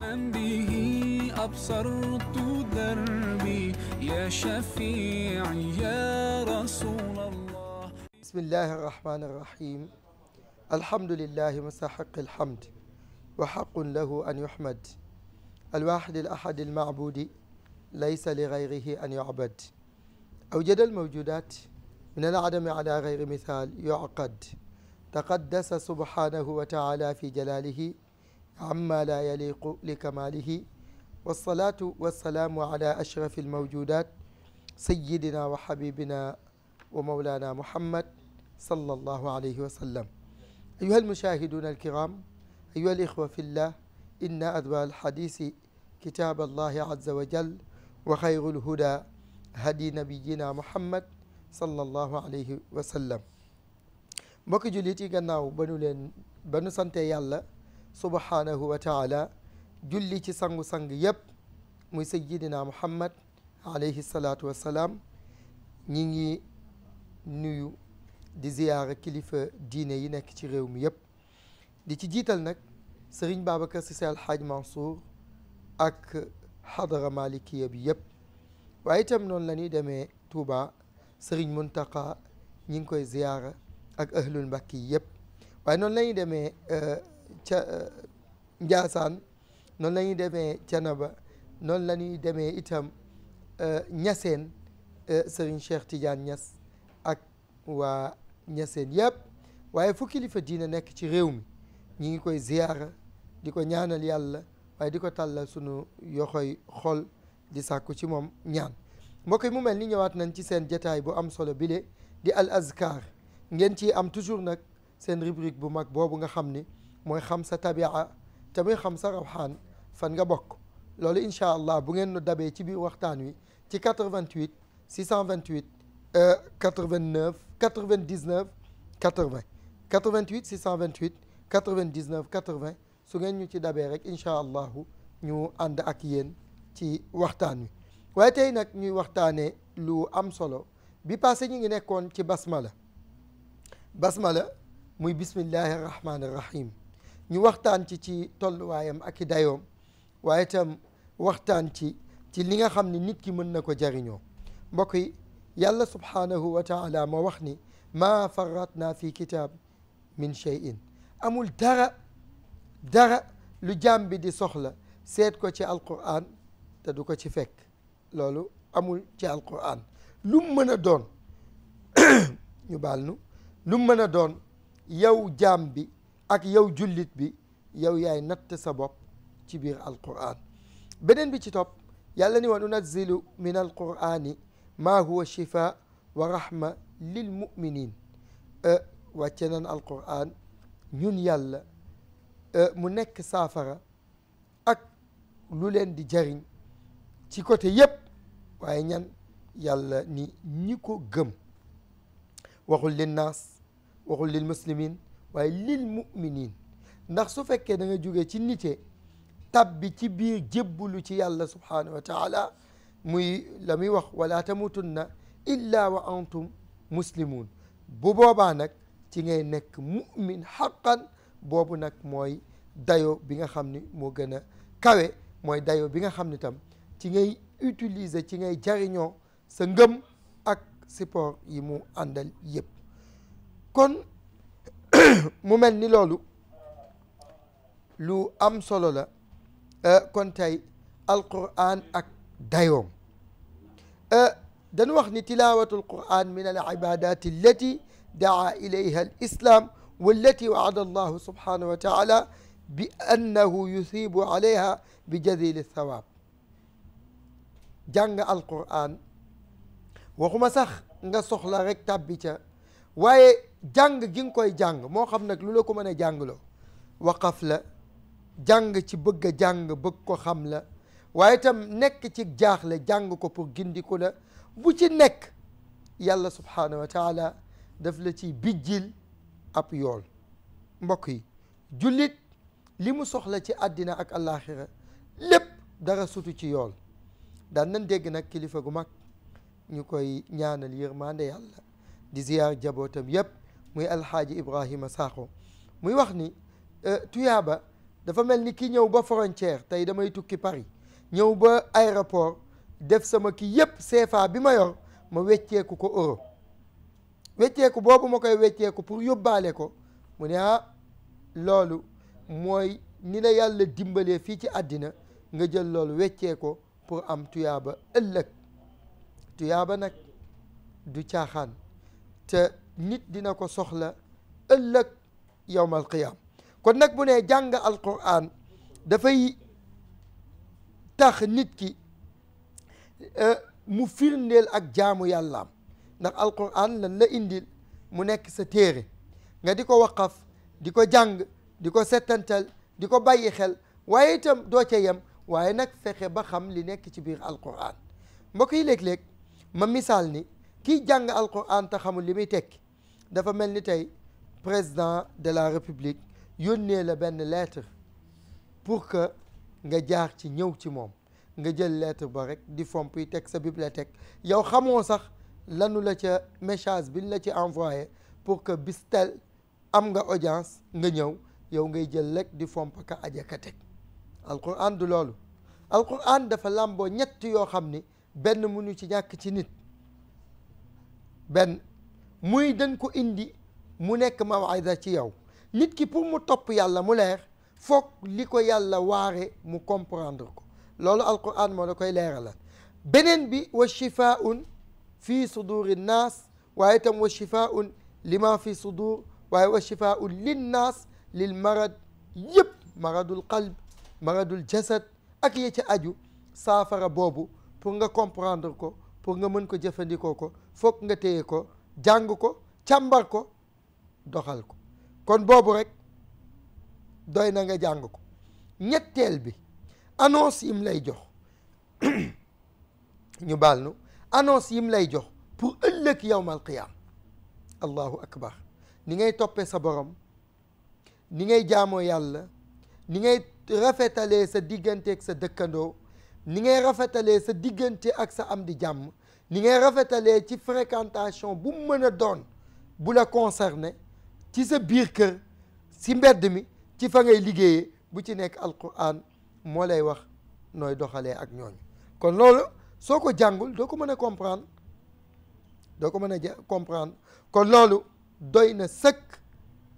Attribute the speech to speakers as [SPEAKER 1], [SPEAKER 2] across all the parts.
[SPEAKER 1] به أبصرت دربي يا شفيعي يا رسول الله بسم الله الرحمن الرحيم الحمد لله مستحق الحمد وحق له أن يحمد الواحد الأحد المعبود ليس لغيره أن يعبد أوجد الموجودات من العدم على غير مثال يعقد تقدس سبحانه وتعالى في جلاله amma la yaliqu li kamalihi wasalaatu wasalaamu ala ashrafi almawjudat sayidina wa habibina wa mawlana muhammad sala allahu alayhi wa sallam ayuha almushahiduna alkiram ayuha alixwa fi llah inna adwa alxadisi kitab allahi aza wa jal wa xayru lhuda hadi nabiyina muhammad sala allahu alayhi wa sallam mbokki jullit yi gannaaw ba nu leen ba nu sante yàlla subhaanahu wa taala julli ci sangu-sang yëpp muy sayyidina muhammad alayhi salaatu wa salaam ñi ngi nuyu di ziyaara kilifa diine yi nekk ci réew mi yëpp di ci jiital nag sëriñ Babacar Cissé Alhaaj Mansour ak xadara malikiya bi yëpp waaye itam noonu la ñuy demee Touba sëriñ Muntaqa ñi ngi koy ziyaara ak ahlul mbakki yi yëpp waaye noonu la ñuy demee euh, ca eh, Njaasaan noonu la ñuy demee Canaba noonu lañuy demee itam eh, ñaseen eh, Serigne Cheikh Tidiane ñas ak waa ñaseen yëpp waaye fu kilifa diine nekk ci réew mi ñi ngi koy ziyaara di ko ñaanal yàlla waaye di ko tàllal sunu yoxoy xol di sàkku ci moom ñaan mbokk yi mu mel ni ñëwaat nañ ci seen jataay bu am solo bile di al azkar ngeen ci am toujours nag seen rubrique bu mag boobu nga xam ni mooy xam sa tabia te muy xam sa rawxaan fan nga bokk loolu incha allah bu ngeen nu dabee ci biir waxtaan wi ci 88 628 89 99 80 88 628 99 80 su ngeen ñu ci dabee rek incha allahu ñu ànd ak yéen ci waxtaan wi waaye tey nag ñuy waxtaanee lu am solo bi passé ñu ngi nekkoon ci basmala basmala muy bismillahi rahmaani rahim ñu waxtaan ci ci tolluwaayam ak i dayoom waaye itam waxtaan ci ci li nga xam ni nit ki mën na ko jariñoo mbokk yi yàlla subhaanahu wa taala moo wax ni maa farratna fi kitab min cheyin amul dara dara lu jaam bi di soxla seet ko ci alquran te du ko ci fekk loolu amul ci alquran lu mu mën a doon ñu baal nu lu mu mën a doon yow jaam bi ak yow jullit bi yow yaay natt sa bopp ci biir alquran beneen bi ci top yàlla ni wa nunazzilu min alqurani ma huwa shifaa wa rahma lil muminin e, wàcce nan alquran ñun yàlla e, mu nekk saafara ak lu leen di jariñ ci côté yépp waaye ñan yàlla ni ñi ko gëm waxul linnaas waxul lil muslimin waaye lil muminin ndax su fekkee da nga jógee ci nite tab bi ci biir jébbalu ci yàlla subhanahu wa taala muy la muy wax wala tamutunna illa wa antum muslimun bu boobaa nag ci ngay nekk mumin xaqan boobu nag mooy dayo bi nga xam ni moo gën a kawe mooy dayo bi nga xam ni tam ci ngay utiliser ci ngay jariñoo sa ngëm ak support yi mu àndal yëpp kon mu mel ni loolu lu am solo la eh, kon tey alquran ak dayoom eh, dañu wax ni tilaawatu alquran min al ibadat allati daa ilayha al islam wallati waada allahu subhanahu wa taala bi annahu yusibu alayha bi jazili thawab jàng alquran waxuma sax nga soxla rek tàbbi ca jàng gi nga koy jàng moo xam nag lu la ko mën a jàngloo waqaf la jàng ci bëgg a jàng bëgg ko xam la waaye tam nekk ci jaaxle jàng ko pour gindiku la bu ci nekk yàlla subhaanahu wa def la ci bijjil ab yool mbokk yi jullit li mu soxla ci àddina ak àllaaxira lépp dara sutu ci yool daan nan dégg nag kilifa gu mag ñu koy ñaanal yërmaande yàlla di ziyaar jabootam yépp muy alxaaji Ibrahima Sakho muy wax ni euh, tuyaaba dafa mel ni ki ñëw ba frontière tey damay tukki Paris ñëw ba aéroport def sama ki yëpp CFA bi ma yor ma wecceeku ko euro wecceeku boobu ma koy wecceeku pour yóbbaale ko mu ne ah loolu mooy ni la yàlla dimbalee fii ci àddina nga jël loolu weccee ko pour am tuyaaba ëllëg tuyaaba nag du caaxaan te nit dina ko soxla ëllëg yawmal qiyaam kon nag bu ne jàng alquran dafay tax nit ki e, mu firndeel ak jaamu yàllaam ndax alquran lan la indil mu nekk sa téere nga di ko waqaf di ko jàng di ko settantal di ko bàyyi xel waaye itam doo ca yem waaye nag fexe ba xam li nekk ci biir alquran mbokk yi léeg-léeg ma misaal ni kii jàng al alquran te xamul li muy tekki dafa mel ni tey président de la république yónnee la benn lettre pour que nga jaar ci ñëw ci moom nga jël lettre ba rek di fomp yi teg sa bibliothèque yow xamoo sax lanu la ca message biñ la ci envoyé pour que bis am nga audience nga ñëw yow ngay jël rek di fomp ka ajaka teg alquran du loolu alquran dafa làmboo ñett yoo xam ni benn munu ci ñàkk ci nit benn muy dañ ko indi mu nekk ma mawida ci yow nit ki pour mu topp yàlla mu leer foog li ko yàlla waare mu comprendre ko loolu alquran moo la koy leeralal beneen bi wa shifaun fi suduri nnaas waaye itam wa shifaun lima fi sudur waaye wa shifaun li lil marad yëpp maradul qalb maradul jasad ak ya ca aju saafara boobu pour nga comprendre ko pour nga mën ko jëfandikoo ko foog nga téye ko jàng ko càmbar ko doxal ko kon boobu rekk doy na nga jàng ko ñett ñetteel bi annonce yim lay jox ñu baal nu annonce yim lay jox pour ëllëg yawmal qiyaam allahu akbar ni ngay toppe sa borom ni ngay jaamoo yàlla ni ngay rafetalee sa diggante ak sa dëkkandoo ni ngay rafetalee sa diggante ak sa am di jàmm ni ngay rafetalee ci fréquentation bu mu mën a doon bu la concerné ci sa biir kër si mbedd mi ci fa ngay liggéeyee bu ci nekk alquran moo lay wax nooy doxalee ak ñooñu kon loolu soo ko jàngul doo ko mën a comprendre doo ko mën a comprendre kon loolu doy na sëkk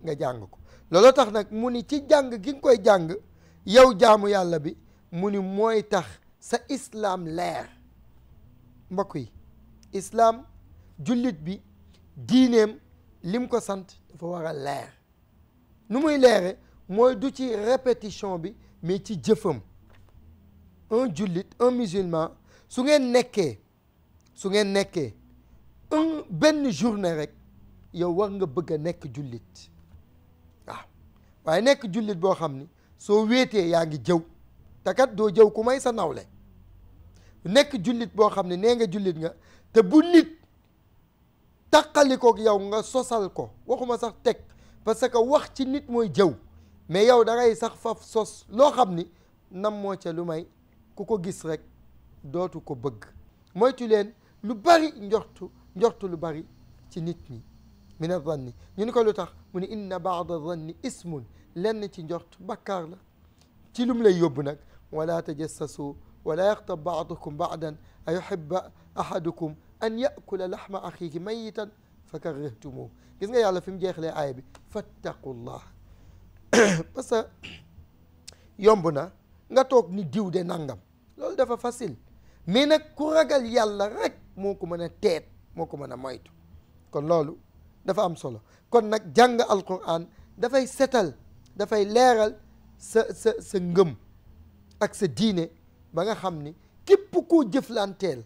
[SPEAKER 1] nga jàng ko looloo tax nag mu ni ci jàng gi nga koy jàng yow jaamu yàlla bi mu ni mooy tax sa islam leer mbokk yi islaam jullit bi diineem lim ko sant dafa war a leer nu muy leere mooy du ci répétition bi mais ci jëfam un jullit un musulman su ngeen nekkee su ngeen nekkee un benn journée rek yow war nga bëgg a nekk jullit waaw waaye nekk jullit boo xam ni soo wéetee yaa ngi jëw te doo jëw ku may sa nawle nekk jullit boo xam ne nee nga jullit nga te bu nit tàqalikook yow nga sosal ko waxuma sax teg parce que wax ci nit mooy jëw mais yow da ngay sax faf sos loo xam ni nam moo ca lu may ku ko gis rek dootu ko bëgg mooy moytu leen lu bari njortu njortu lu bari ci nit ñi min ni ñu ni ko lu tax mu ne inna baada zanni ismun lenn ci njort bakkaar la ci lum lay yóbbu nag wala tajassasu wala yaxtab baadukum baadan a yuhibba ahadukum an yakula laxma axiihi mayitan fa karrahtumuh gis nga yàlla fi mu jeexlee aaya bi fattaqullah parce que yomb na nga toog ni diw de nangam loolu dafa facile mais nag ku ragal yàlla rek moo ko mën a teet moo ko mën a moytu kon loolu dafa am solo kon nag jàng alquran dafay setal dafay leeral sa sa sa ngëm ak sa diine ba nga xam ni képp koo jëflanteel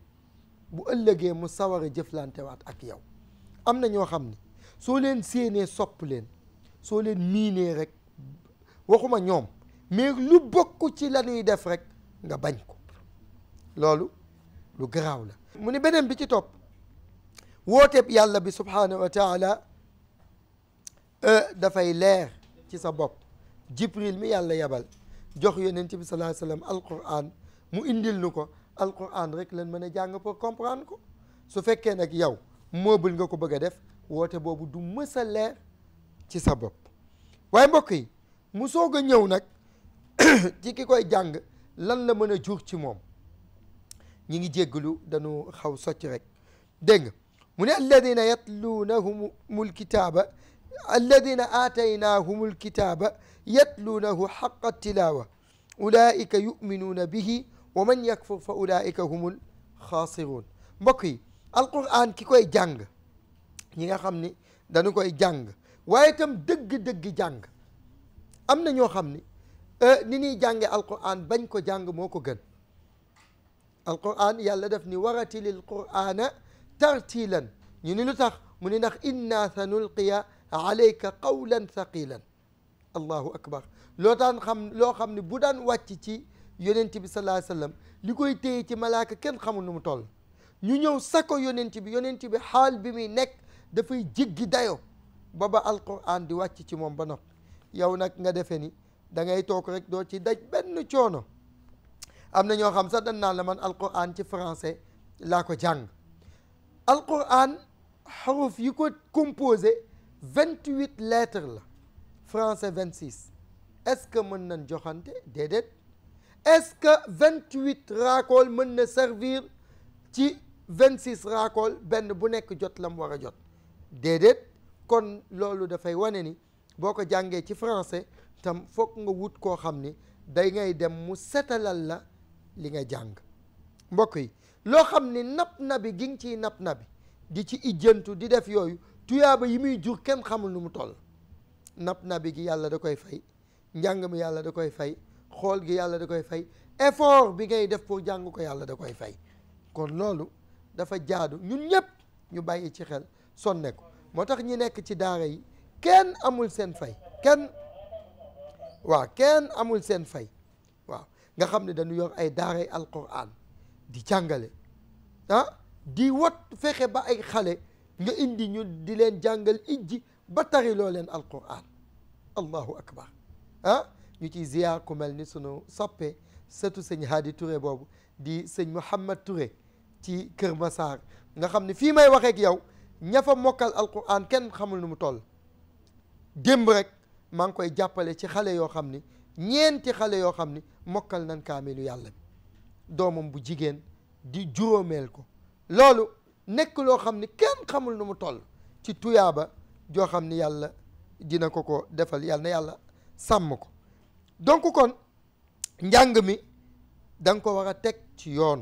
[SPEAKER 1] bu ëllëgee mu sawar a jëflantewaat ak yow am na ñoo xam ni soo leen séenee sopp leen soo leen miinee rek waxuma ñoom mais lu bokk ci la def rek nga bañ ko loolu lu garaaw la mu ne beneen bi ci topp wooteeb yàlla bi subhaanahu wa taala e, dafay leer ci sa bopp jibril mi yàlla yabal jox yonent bi sallallahu alayhi wa sallam alquran mu indil nu ko alquran rek leen mën a jàng pour comprendre ko su fekkee nag yow meuble nga ko bëgg a def woote boobu du mës ci sa bopp waaye mbokk yi mu soog a ñëw nag ci ki koy jàng lan la mën a jur ci moom ñi ngi jéggalu dañu xaw socc rek mu na dégg nga mu ne alladina yatluunahumu lkitaaba alladina aataynaahum lkitaaba yatluunahu xaqa tilawa ulaika yuminuuna bihi wa man yakfur fa ulaika humul xaasiruun mbokk yi alquran ki koy jàng ñi nga xam ni dañu koy jàng waaye itam dëgg-dëgg jàng am na ñoo xam ni eh, ni ñuy jànge alquran bañ ko jàng moo ko gën al alquran yàlla def ni waratilil qurana tartilan ñu ni lu tax mu ni ndax inna sa nulqiya alayka qawlan thaqilan allahu akbar loo daan xam loo xam ne bu daan wàcc ci yonent bi sallallahu alayhi wasallam li koy téye ci malaaka kenn xamul nu mu toll ñu ñëw sako yonent bi yonent bi xaal bi muy nekk dafay jéggi dayo ba ba alquran di wàcc ci moom ba noppi yow nag nga defee ni da ngay toog rek doo ci daj benn coono am na ñoo xam sax danaa la man alquran ci français laa ko jàng alquran xaruf yi ko composé vingt huit lettres la français vingt six est ce que mën na joxante déedéet est-ce que vingt huit raakool mën na servir ci vingt six raakool benn bu nekk jot la mu war a jot déedéet kon loolu dafay wane ni boo ko jàngee ci français tam foog nga wut koo xam ni day ngay dem mu setalal la li nga jàng mbokk yi loo xam ni nap nabi gi nga ciy nap nabi gi ci ijjantu di def yooyu tuyaaba yi muy jur kenn xamul nu mu toll nap nabi gi yàlla da koy fay njàng mi yàlla da koy fay xool gi yàlla da koy fay effort bi ngay def pour jàng ko yàlla da koy fay kon loolu dafa jaadu ñun ñépp ñu bàyyi ci xel sonne ko moo tax ñi nekk ci daara yi kenn amul seen fay kenn waa kenn amul seen fay waaw nga xam ne dañu yor ay daaray alquran di jàngale ah, di wat fexe ba ay xale nga indi ñu di leen jàngal ijji ba tari loo leen alquran allahu akbar ah, ñu ciy ziyaar ku mel ni sunu soppee sëtu sëñ Hadi Touré boobu di sëñ Mouhamad Touré ci Kër Massar nga xam ne fii may waxee yow ña fa mokkal alquran kenn xamul nu mu toll démb rek maa ngi koy jàppale ci xale yoo xam ni ñeenti xale yoo xam ni mokkal nan kaamilu yàlla bi doomam bu jigéen di juróomeel ko loolu nekk loo xam ni kenn xamul nu mu toll ci tuyaaba joo xam ni yàlla dina ko ko defal yàlla na yàlla sàmm ko donc kon njàng mi da nga ko war a teg ci yoon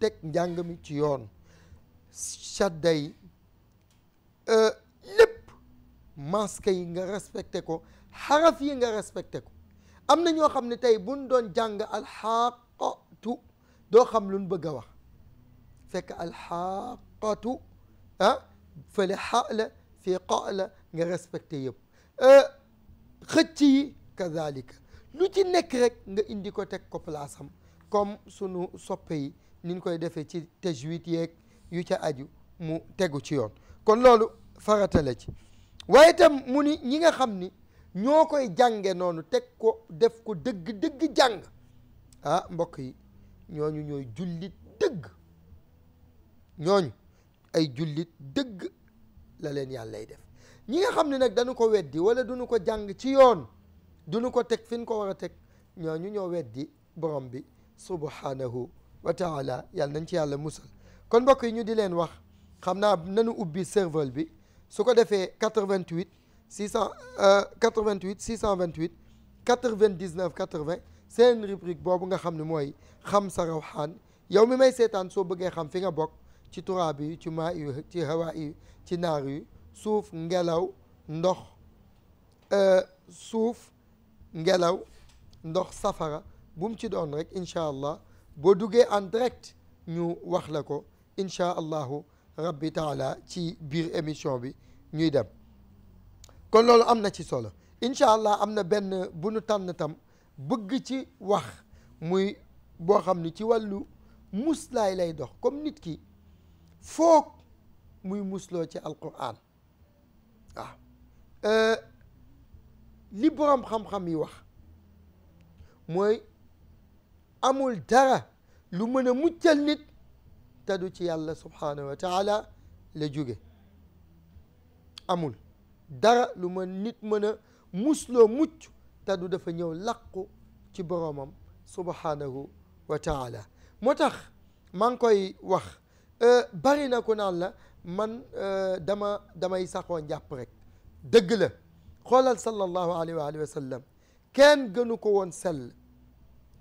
[SPEAKER 1] teg njàng ci yoon cadda yi euh, lépp masque yi nga respecté ko xaraf yi nga respecté ko am na ñoo xam ne tey buñ doon jàng alxaqatu doo xam luñ bëgg a wax fekk alxaqatu ah fële xa la fii nga respecté yëpp euh, xëcc kazalika lu ci nekk rek nga indi ko teg ko palaasam comme sunu soppe yi niñ koy defee ci tajwid yeeg yu ca aju mu tegu ci yoon kon loolu farata ci waaye itam mu ni ñi nga xam ni ñoo koy jànge noonu teg ko def ko dëgg dëgg jàng ah mbokk yi ñooñu ñooy jullit dëgg ñooñu ay jullit dëgg la leen yàllay def ñi nga xam ne nag dañu ko weddi wala dunu ko jàng ci yoon du duñu ko teg fi ñu ko war a teg ñooñu ñoo weddi borom bi subhanahu wa taala yàlla nañ ci yàlla musal kon mbokk yi ñu di leen wax xam naa nanu ubbi serveur bi su ko defee 88 600 88 628 99 80 seen rubrique boobu nga xam ne mooy xam sa rawxaan yow mi may seetaan soo bëggee xam fi nga bokk ci turaab yi ci maa ci hawaa ci naar yi suuf ngelaw ndox euh, suuf ngelaw ndox safara bu ci doon rek incha allah boo duggee en direct ñu wax la ko incha allahu rabbi taala ci biir émission bi ñuy dem kon loolu am na ci solo incha allah am na benn bu nu tànn tam bëgg ci wax muy boo xam ni ci wàllu muslaay lay dox comme nit ki foog muy musloo ci alquran waaw euh, li boroom xam-xam yi wax mooy amul dara lu mën a muccal nit te du ci yàlla subhaanahu wa taala la jóge amul dara lu mën nit mën a musloo mucc te du dafa ñëw làqu ci boroomam subhaanahu wa taala moo tax maa ngi koy wax euh, bari na ku naan la man euh, dama damay saxoo njàpp rekk dëgg la xoolal sallallahu alayhi wa kenn gënu ko woon sell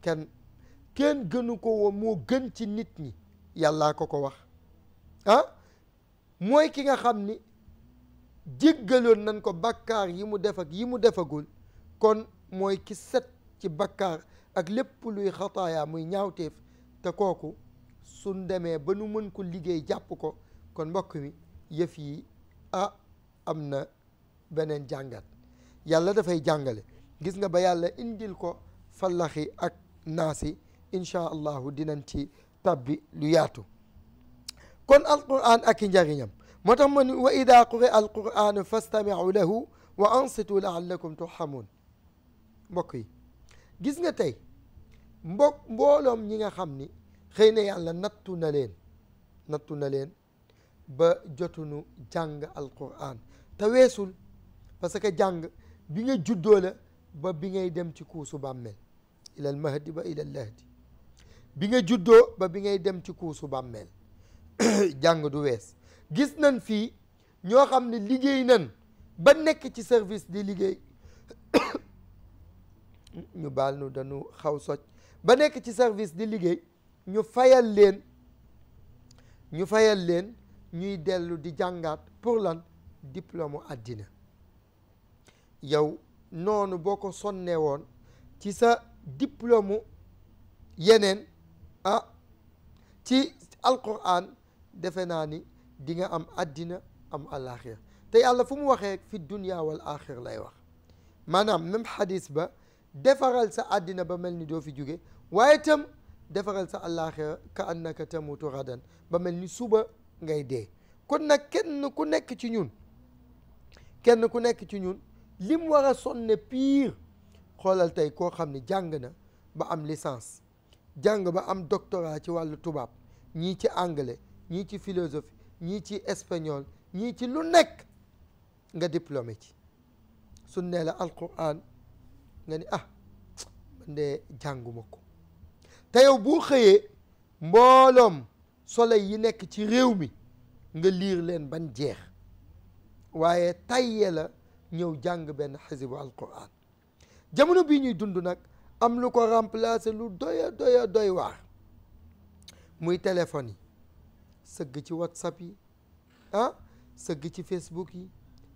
[SPEAKER 1] kenn kenn gënu ko woon moo gën ci nit ñi yàllaa ko ko wax ah mooy ki nga xam ni jéggaloon nañ ko bakkaar yi mu def yi mu defagul kon mooy ki set ci bakkaar ak lépp luy xataayaa muy ñaawteef te kooku su demee ba nu mën ko liggéey jàpp ko kon mbokk mi yëf yi ah am na beneen jàngat yàlla dafay jàngale gis nga ba yàlla indil ko fallaxi ak naasi inchaa allahu dinañ ci tabbi lu yaatu kon alquran ak i njariñam moo tax ma ni wa ida quri alquranu fastamiu lahu wa ansitu laallakum turhamun mbokk yi gis nga tey mbok mbooloom ñi nga xam ni xëy na yàlla nattu na leen nattu na leen ba jotunu jàng alquran te weesul parce que jàng bi nga juddoo la ba bi ngay dem ci kuusu bàmmeel ilal mahdi ba ilal lahdi bi nga juddoo ba bi ngay dem ci kuusu bàmmeel jàng du wees gis nañ fii ñoo xam ne liggéey nan ba nekk ci service di liggéey ñu baal nu dañu xaw soj ba nekk ci service di liggéey ñu fayal leen ñu fayal leen ñuy dellu di jàngaat pour lan diplôme àddina yow noonu boo ko sonnee woon ci sa diplôme yeneen ah ci alquran defe naa ni di nga am àddina am alaxira te yàlla fu mu waxee fi dunia wal axira lay wax maanaam même xadis ba defaral sa àddina ba mel ni doo fi jóge waaye itam defaral sa alaxira ka annaka tamutu gadan ba mel ni suba ngay dee kon nag kenn ku nekk ci ñun kenn ku nekk ci ñun lim war a sonne pire xoolal tey koo xam ni jàng na ba am licence jàng ba am doctorat ci wàllu tubaab ñii ci anglais ñii ci philosophie ñii ci espagnol ñii ci lu nekk nga diplômé ci su la la alquran nga ni ah man de jànguma ko te yow bu xëyee mbooloom soleil yi nekk ci réew mi nga liir leen ban jeex waaye tayye la ñëw jàng benn xisibu alquran jamono bii ñuy dund nag am lu ko remplacer lu doya doya doy waar muy téléphone yi sëgg ci whatsapp yi ah, sëgg ci facebook yi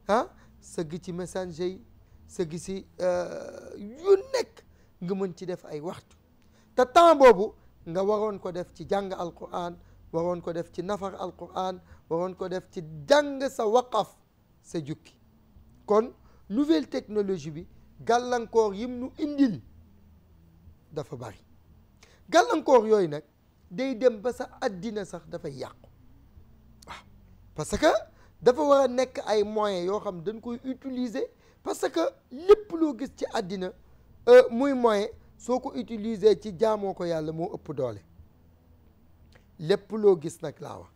[SPEAKER 1] ah sëgg ci messenger yi sëgg ci euh, yu nekk nga mën ci def ay waxtu te temps boobu nga waroon ko def ci jàng al alquran waroon ko def ci nafar alquran waroon ko def ci jàng sa waqaf sa jukki kon nouvelle technologie bi gàllankoor yim nu indil dafa bari gàllankoor yooyu nag day dem ba sa àddina sax dafay yàqu waaw parce que dafa war a nekk ay moyen yoo xam dañ koy utiliser parce que lépp loo gis ci àddina euh, muy moyen soo ko utiliser ci jaamoo ko yàlla moo ëpp doole lépp loo gis nag laa wax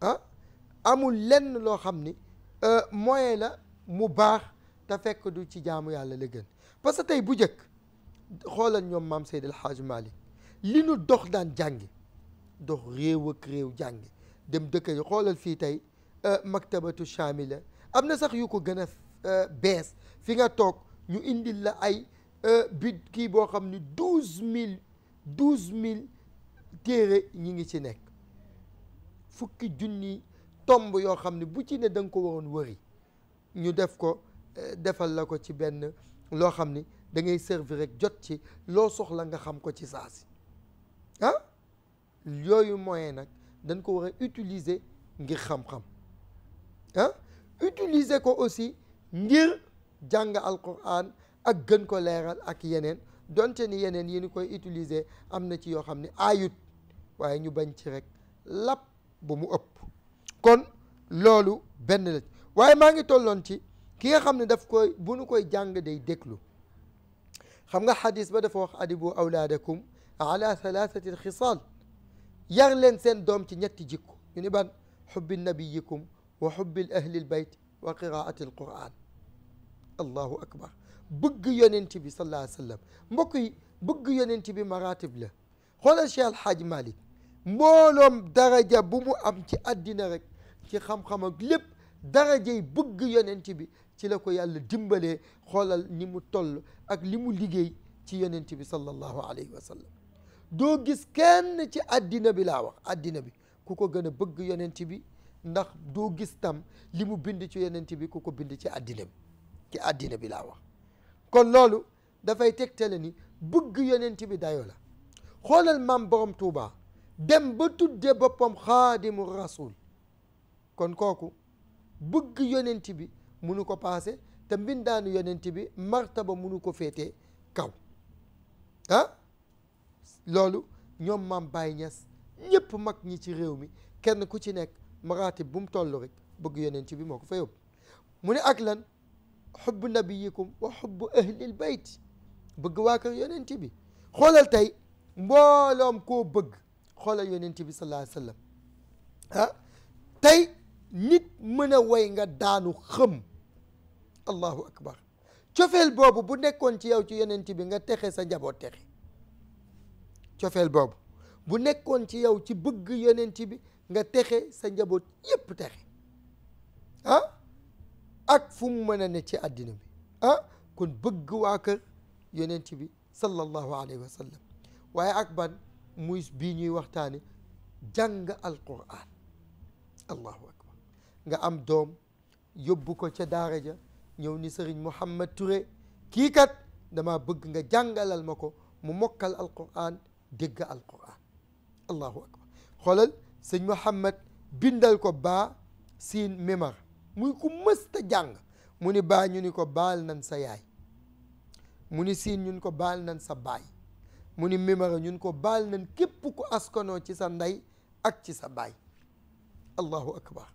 [SPEAKER 1] ah, amul lenn loo xam ni Euh, moyen la mu baax te fekk du ci jaamu yàlla la gën parce que tey bu njëkk xoolal ñoom maam Seydi El Hadj li nu dox daan jàngi dox réew ak réew jàngi dem dëkk yi xoolal fii tey euh, maktabatu chamila am na sax yu ko gën a euh, bees fi nga toog ñu indil la ay bi kii boo xam ni douze mille douze mille téere ñi ngi ci nekk fukki junni tomb yoo xam ne bu ci ne da nga ko waroon wëri ñu def ko eh, defal la ko ci benn loo xam ni da ngay servir rek jot ci loo soxla nga xam ko ci saasi ah yooyu moyen nag dañ ko war a utiliser ngir xam-xam ah ko aussi ngir jàng al alquran ak gën ko leeral ak yeneen donte ni yeneen yi ni koy utiliser am na ci yoo xam ne ayut waaye ñu bañ ci rek lap bu mu ëpp kon loolu benn la waaye maa ngi tolloon ci ki nga xam ne daf koy bu nu koy jàng day déglu xam nga xadis ba dafa wax adibu awlaadakum ala thalathati xisaal yar leen seen doom ci ñetti jikko ñu ni ban xubbi nabiyikum wa xubbi ahli lbayt wa qiraati alquran allahu akbar bëgg yonent bi sallallahu alayhi wa sallam mbokk yi bëgg yonent bi maratib la xoolal Cheikh Alxaaji Malik mbooloom daraja bu mu am ci àddina rek ci xam-xam ak lépp darajay bëgg yonent bi ci la ko yàlla dimbalee xoolal ni mu toll ak li mu liggéey ci yonent bi sallallahu alayhi wa doo gis kenn ci àddina bi laa wax àddina bi ku ko gën a bëgg yonent bi ndax doo gis tam li mu bind ci yonent bi ku ko bind ci àddina bi ci àddina bi laa wax kon loolu dafay teg tegtale ni bëgg yonent bi dayo la xoolal maam borom Tuuba dem ba tudde boppam xaadimu rasul kon kooku bëgg yonent bi munu ko paase te mbindaanu yonent bi martaba munu ko féetee kaw ah loolu ñoom maam Baye Niass ñëpp mag ñi ci réew mi kenn ku ci nekk maratib bu mu toll rek bëgg yonent bi moo ko fa yóbbu mu ni ak lan xubbu nabiyikum wa xubbu ahlil bayt bëgg waa yonent bi xoolal tey mbooloom koo bëgg xoolal yonent bi sallallahu alayhi wa sallam tey nit mën a woy nga daanu xëm allahu akbar cofeel boobu bu nekkoon ci yow ci yonent bi nga texe sa njaboot texe cofeel boobu bu nekkoon ci yow ci bëgg yonent bi nga texe sa njaboot yépp texe ak fu mu mën a ne ci àddina bi ah kon bëgg waa kër yonent bi sallallahu alayhi wa sallam waaye ak ban muy bii ñuy waxtaane jàng alquran allahu akbar nga am doom yóbbu ko ca daara ja ñëw ni sëriñ Mouhammad Touré kii kat dama bëgg nga jàngalal ma ko mu mokkal alquran dégg alquran allahu akbar xoolal sëñ Mouhammad bindal ko baa siin mémar muy ku mësta jàng mu ni baa ñu ni ko baal nan sa yaay mu ni siin ñun ko baal nan sa baay mu ni mimara ñun ko baal nañ képp ku askanoo ci sa ndey ak ci sa baay allahu akbar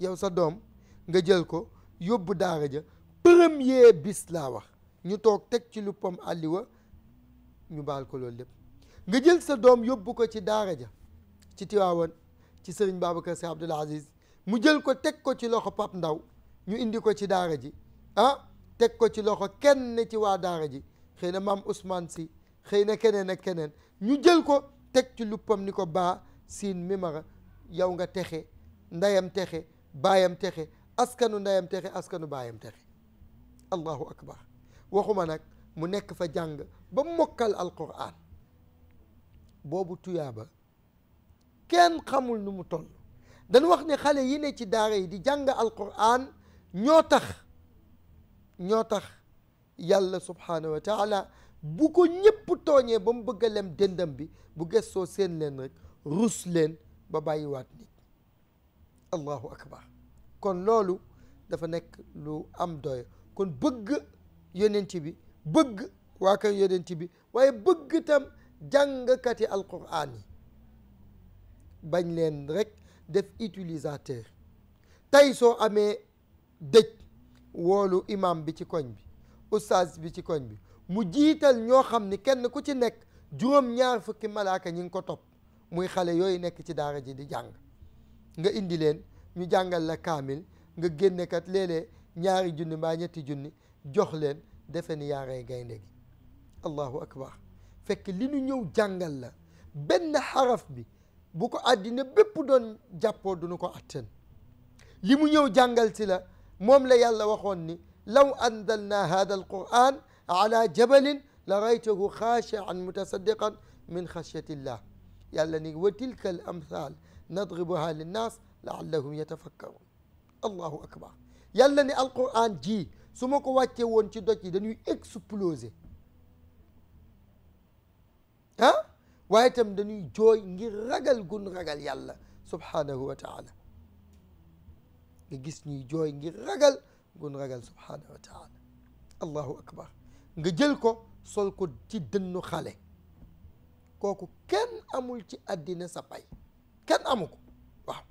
[SPEAKER 1] yow sa doom nga jël ko yóbbu daara ja premier bis laa wax ñu toog teg ci lu pom àlliwa ñu baal ko loolu lépp nga jël sa doom yóbbu ko ci daara ja ci Tiwaawan ci sëriñ Babacar Sy Abdoul Aziz mu jël ko teg ko ci loxo Pap Ndaw ñu indi ko ci daara ji ah teg ko ci loxo kenn ci waa daara ji xëy na maam Ousmane si xëy na keneen ak keneen ñu jël ko teg ci luppam ni ko baa siin mi mara yow nga texe ndayam texe baayam texe askanu ndayam texe askanu baayam texe allahu akbar waxuma nag mu nekk fa jàng ba mokkal alquran boobu tuyaaba kenn xamul nu mu toll dañu wax ne xale yi ne ci daara di jàng alquran ñoo tax ñoo tax yàlla subhanahu wa bu ko ñëpp tooñee ba mu bëgg lem dëndam bi bu gëstoo seen leen rek rus leen ba bàyyiwaat nit allahu akbar kon loolu dafa nekk lu am doy kon bëgg yonent bi bëgg waa kër yonent bi waaye bëgg itam jàngkati alquraan yi bañ leen rek def utilisateur tey soo amee dëj woolu imam bi ci koñ bi oustaz bi ci koñ bi mu jiital ñoo xam ni kenn ku ci nekk juróom-ñaar fukki malaaka ñi ngi ko topp muy xale yooyu nekk ci daara ji di jàng nga indi leen ñu jàngal la kaamil nga génne kat léeg ñaari junni mbaa ñetti junni jox leen defe ni yaaray gaynde gi allahu akbar fekk li nu ñëw jàngal la benn xaraf bi bu ko àddina bépp doon jàppoo du nu ko atten li mu ñëw jàngal si la moom la yàlla waxoon ni law anzalna hada al quran ala jabalin la raytahu xaashian mutasaddiqan min xashyati illah yàlla ni wa tilka al amthal nadribuha linnaas laallahum yatafakkarun allahu akbar yàlla ni alquran ji su ma ko wàccee woon ci doj yi dañuy exploser ah waaye itam dañuy jooy ngir ragal gun ragal yàlla subhaanahu wa taala nga gis ñuy jooy ngir ragal gun ragal subhaanahu wa taala allahu akbar nga jël ko sol ko ci dënnu xale kooku kenn amul ci àddina sa pay kenn amu ko waaw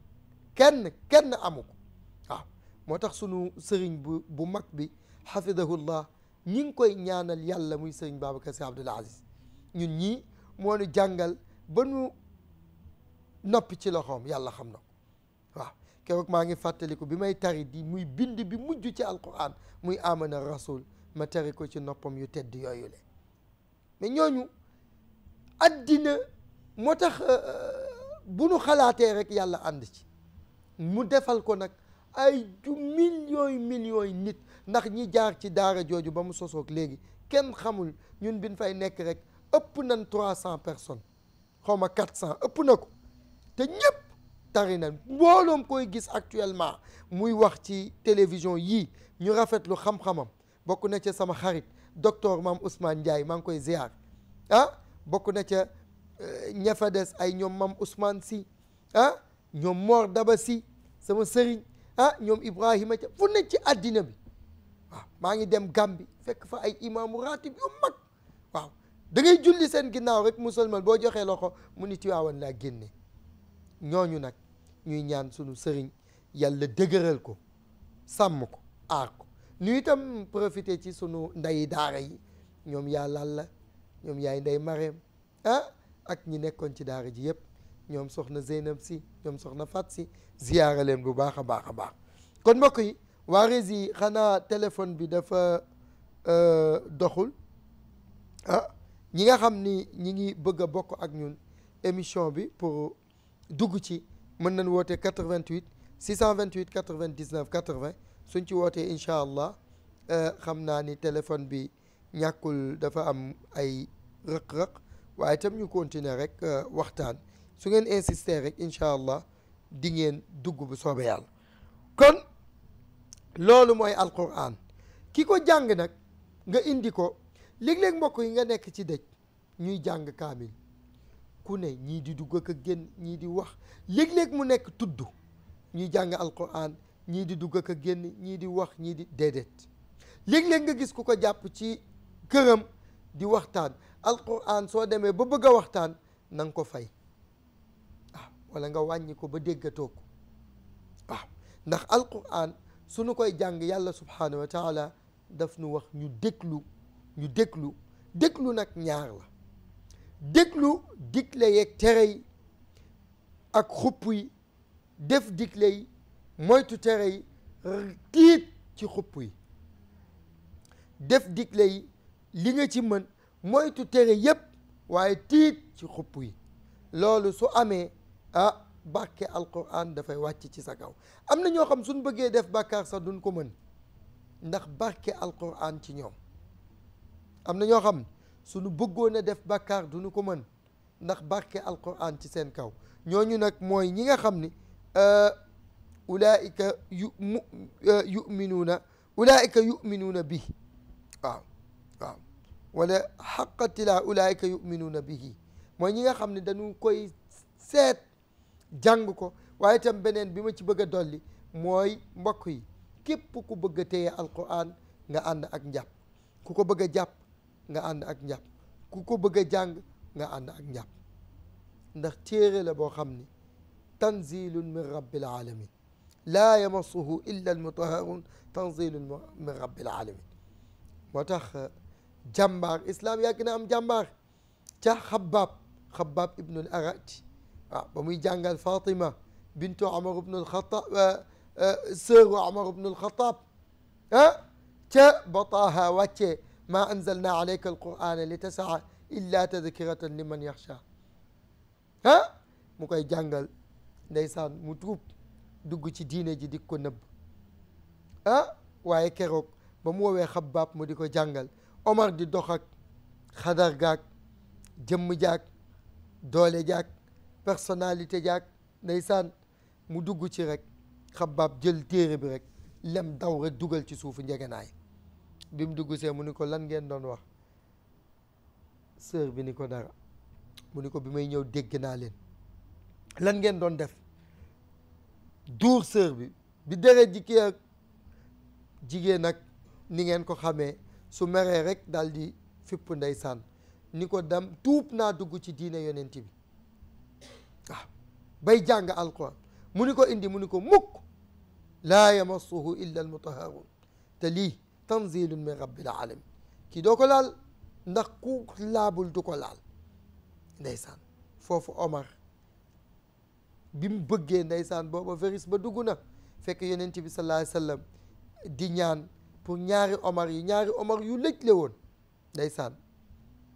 [SPEAKER 1] kenn kenn amu ko waaw moo tax sunu sëriñ bu bu mag bi xafidahullah ñi ngi koy ñaanal yàlla muy sëriñ Babacar Sy Abdoul Aziz ñun ñii moo nu jàngal ba nu noppi ci loxoom yàlla xam na ko waaw keroog maa ngi fàttaliku bi may tari di muy bind bi mujj ci alquran muy amana rasul ma tari ko ci noppam yu tedd yooyu le mais ñooñu addina moo tax euh, euh, bu nu xalaatee rek yàlla ànd ci mu defal ko nag ay ju millions millions nit ndax ñi jaar ci daara jooju ba mu sosoog léegi kenn xamul ñun bin fay nekk rek ëpp nañ trois cent personnes xaw ma quatre cent ëpp na ko te ñëpp tari nañ mbooloom koy gis actuellement muy wax ci télévision yii ñu rafetlu xam-xamam bokk na ca sama xarit docteur mam Ousmane Ndiaye maa ngi koy ziar ah bokk na ca eh, ña des ay ñoom mam Ousmane si ah ñoom Mor Daba si sama sëriñ ah ñoom Ibrahima ca fu nekk ci àddina bi maa ngi dem Gàmbi fekk fa ay imaamu ratib yu mag waaw julli seen ginnaaw rek musulman boo joxee loxo mu ni Tiwaawan laa génne ñooñu nag ñuy ñaan sunu sëriñ yàlla dëgëral ko sàmm ko aar ko ñu itam profité ci sunu ndey daara yi ñoom yaa Lalla ñoom yaay nday Mareem ah ak ñi nekkoon ci daara ji yëpp ñoom soxna Zeynab si ñoom soxna Fat si ziyaara leen bu baax a baax a baax kon mbokk yi waa Rési xanaa téléphone bi dafa euh, doxul ah ñi nga xam ni ñi ngi bëgg a bokk ak ñun émission bi pour dugg ci mën na woote 88 628 99 80 suñ ci wootee incha allah eh, xam naa ni téléphone bi ñàkkul dafa am ay rëq-rëq waaye tam ñu continuer rek eh, waxtaan su ngeen insister rek incha allah di ngeen dugg bi soobee yàlla kon loolu mooy alquran ki ko jàng nag nga indi ko léeg-léeg mbokk yi nga nekk ci dëj ñuy jàng kaamil ku ne ñii di dugg ak a ñii di wax léeg-léeg mu nekk tudd ñuy jàng al alquran ñii di dugg ak a génn ñii di wax ñii di déedéet léeg-léeg nga gis ku ko jàpp ci këram di waxtaan alquran soo demee ba bëgg a waxtaan na ko fay waaw ah, wala nga wàññi ko ba déggatoo ko waaw ah, ndax alquran suñu koy jàng yàlla subhanahu wa taala daf nu wax ñu déglu ñu déglu déglu nag ñaar la déglu digle yeeg tere yi ak xupp yi def digle yi moytu tere yi tiit ci xupp yi def digle yi li nga ci mën moytu tere yëpp waaye tiit ci xupp yi loolu su amee ah bàkke alquran dafay wàcc ci sa kaw am na ñoo xam suñ bëggee def bàkkaar sax duñ ko mën ndax barke alquran ci ñoom am na ñoo xam suñu bëggoon a def bàkkaar duñu ko mën ndax barke alquran ci seen kaw ñooñu nag mooy ñi nga xam ni euh, ulaika yumu eh, yuminuuna ulaika yuminuuna bi waaw waaw wala xaqatila ulaika bihi mooy ñi nga xam ne dañu koy seet jàng ko waaye itam beneen bi ma ci bëgg a dolli mooy mbokk yi képp ku bëgg a téye nga ànd ak njàpp ku ko bëgg a jàpp nga ànd ak njàpp ku ko bëgg a jàng nga ànd ak njàpp ndax téere la boo xam ni tanzilun min rabbil alamin laa yamassuhu illa almutahharun tanzilun min rabbil alamin moo tax jàmbaar islam yàgg na am jàmbaar ca xabaab xabaab ibnul arat waaw ba muy jàngal fatima bintu amar ibnul xataab euh, euh, sëru amar ibnul xataab ah ca ba taaha wàccee maa anzalna alayka alqur'ana li tasaa illa tadkiratan liman yaxsha ah mu koy jàngal ndeysaan mu tuub dugg ci diine ji di ko nëbb ah waaye keroog ba mu woowee xabbaab mu di ko jàngal Omar di dox ak xadar gaag jëmm jaag doole jaag personnalité jaag ndeysaan mu dugg ci rek xab xabbaab jël téere bi rek lem daw rek dugal ci suufu njegenaay bi mu dugg see mu ni ko lan ngeen doon wax sœur bi ni ko dara mu ni ko bi may ñëw dégg naa leen lan ngeen doon def duur sër bi bi deret ji kii ak jigéen ak ni ngeen ko xamee su meree rek daldi di fipp ndeysaan ni ko dem tuub naa dugg ci diine yonent bi waaw bay jàng alquran mu ni ko indi mu ni ko mukk la yamassuhu illa almutaharun te lii tanzilun min rabbil alamin kii doo ko laal ndax ku laabul du ko laal ndeysaan foofu Omar bi mu bëggee ndeysaan booba virus ba dugg na fekk yonent bi sallallahu alayhi wasallam di ñaan pour ñaari omar yi ñaari omar yu lëj la woon ndeysaan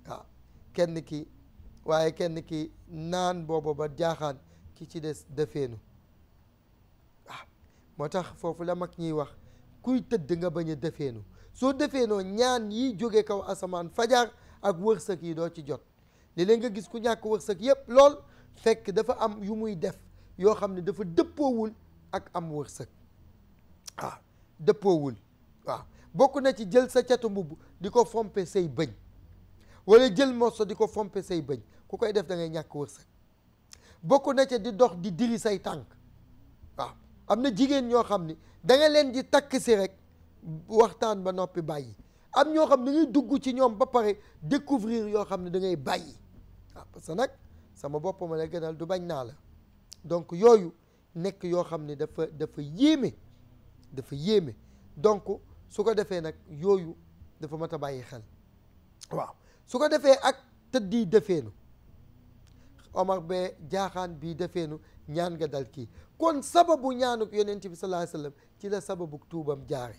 [SPEAKER 1] waaw kenn ki waaye kenn ki naan booba ba jaaxaan ki ci des defeenu waaw moo tax foofu la mag ñiy wax kuy tëdd nga bañ a defeenu soo defeenoo ñaan yi jóge kaw asamaan fajar ak wërsëg yi doo ci jot léeg-léeg nga gis ku ñàkk wërsëg yépp lool fekk dafa am yu muy def yoo xam ne dafa dëppoowul ak am wërsëg waaw ah, dëppoowul waaw ah, bokk na ci jël sa catu mbubb di ko fompe say bëñ walla jël morso di ko fompe say bëñ ku koy def da ngay ñàkk wërsëg bokk na ci di dox di diri say tànk waaw ah, am na jigéen ñoo xam ne danga leen di takk si rek waxtaan ba noppi bàyyi am ñoo xam ne dañuy dugg ci ñoom ba pare découvrir yoo xam ne dangay bàyyi waaw que nag sama bopp ma la gënal du bañ naa la donc yooyu nekk yoo xam ne dafa dafa yéeme dafa yéeme donc su ko defee nag yooyu dafa mat a bàyyi xel waaw su ko defee ak tëddi defeenu omar bee jaaxaan bii defeenu ñaan nga dal kii kon sababu ñaanuk yonent bi sallallahu alayhi wasallam ci la sababu tuubam jaare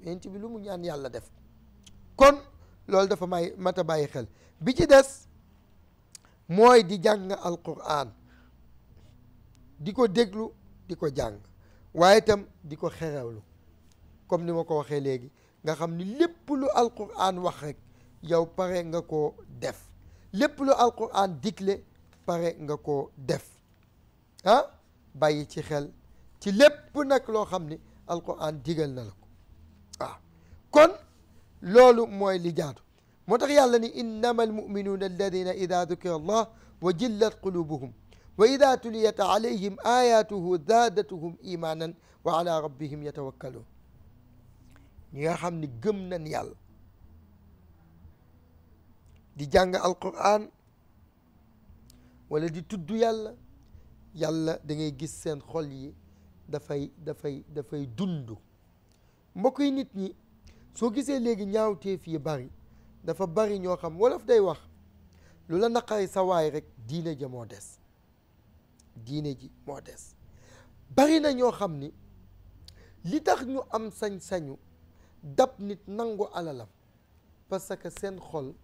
[SPEAKER 1] yonent bi lu mu ñaan yàlla def kon loolu dafa may mat a bàyyi xel bi ci des mooy di jàng alquran di ko déglu di ko jàng waaye itam di ko xerewlu comme ni ma ko waxee léegi nga xam ni lépp lu alquran wax rek yow pare nga ko def lépp lu alquran digle pare nga ko def ah bàyyi ci xel ci lépp nag loo xam ni alquran digal na la ko waaw ah, kon loolu mooy li jaatu moo tax yàlla ni innama almuminuuna alladina ida dukira allah wa jillat qulubuhum wa ida tuliyat alayhim ayatuhu zaadatuhum imanan wa ala rabbihim yatawakkaluun ñi nga xam ne gëm nañ yàlla di jàng alquran wala di tudd yàlla yàlla da ngay gis seen xol yi dafay dafay dafay dund mbokk yi nit ñi soo gisee léegi ñaawteef yi bari dafa bari ñoo xam wolof day wax lu la naqari sa waay rek diine ja moo des diine ji moo des bari na ñoo xam ni li tax ñu am sañ-sañu dab nit nangu alalam parce que seen xol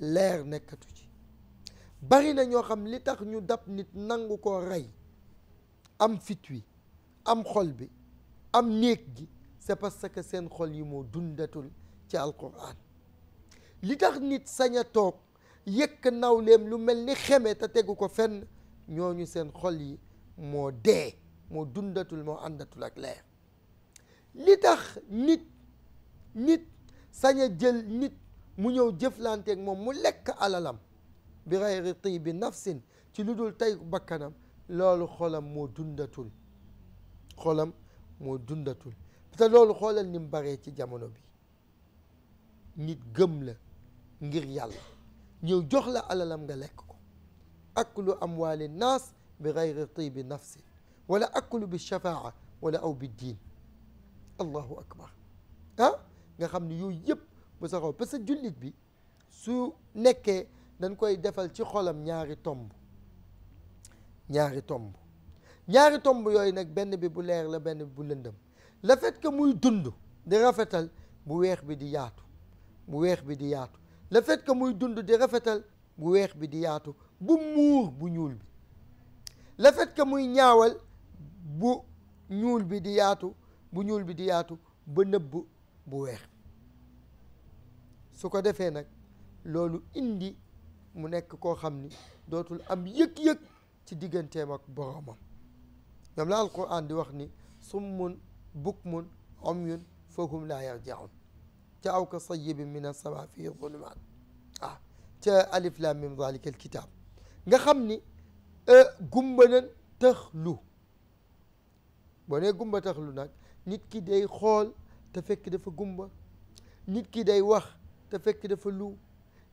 [SPEAKER 1] leer nekkatu ci bari na ñoo xam li tax ñu dab nit nangu ko rey am fit wi am xol bi am néeg gi c'est parce que seen xol yi moo dundatul ci alquran li tax nit sañ a toog yëkk nawleem lu mel ni xeme te tegu ko fenn ñu seen xol yi moo dee moo dundatul moo àndatul ak leer li tax nit nit sañ jël nit mu ñëw jëflanteeg moom mu lekk alalam bi xayri tibi nafsin ci lu dul tey bakkanam loolu xolam moo dundatul xolam moo dundatul te loolu xoolal ni mu baree ci jamono bi nit gëm la ngir yàlla ñëw jox la alalam nga lekk ko aklu amwaali naas bi gayri tibi nafsi wala aklu bi shafaa wala aw bi diin allahu akbar ah nga xam ne yu yëpp bu saxaw parce que jullit bi su nekkee dañ koy defal ci xolam ñaari tomb ñaari tomb ñaari tomb yooyu nag benn bi bu leer la benn bi bu lëndëm le fait que muy dund di rafetal bu weex bi di yaatu bu weex bi di yaatu le fait muy dund di rafetal bu weex bi di yaatu bu muur bu ñuul bi le fait muy ñaawal bu ñuul bi di yaatu bu ñuul bi di yaatu ba nëbb bu weex su ko defee nag loolu indi mu nekk koo xam ni dootul am yëg-yëg ci digganteem ak boroomam ñoom la alquran di wax ni summun bukmun umyun fahum laa yarjiun ca aw ka sayibin min as-samaa fii zulumaat ca alif laam mim al-kitaab nga xam ni e, gumba nan lu boo nee gumba taxlu nag nit ki day xool te fekk dafa gumba nit ki day wax te fekk dafa lu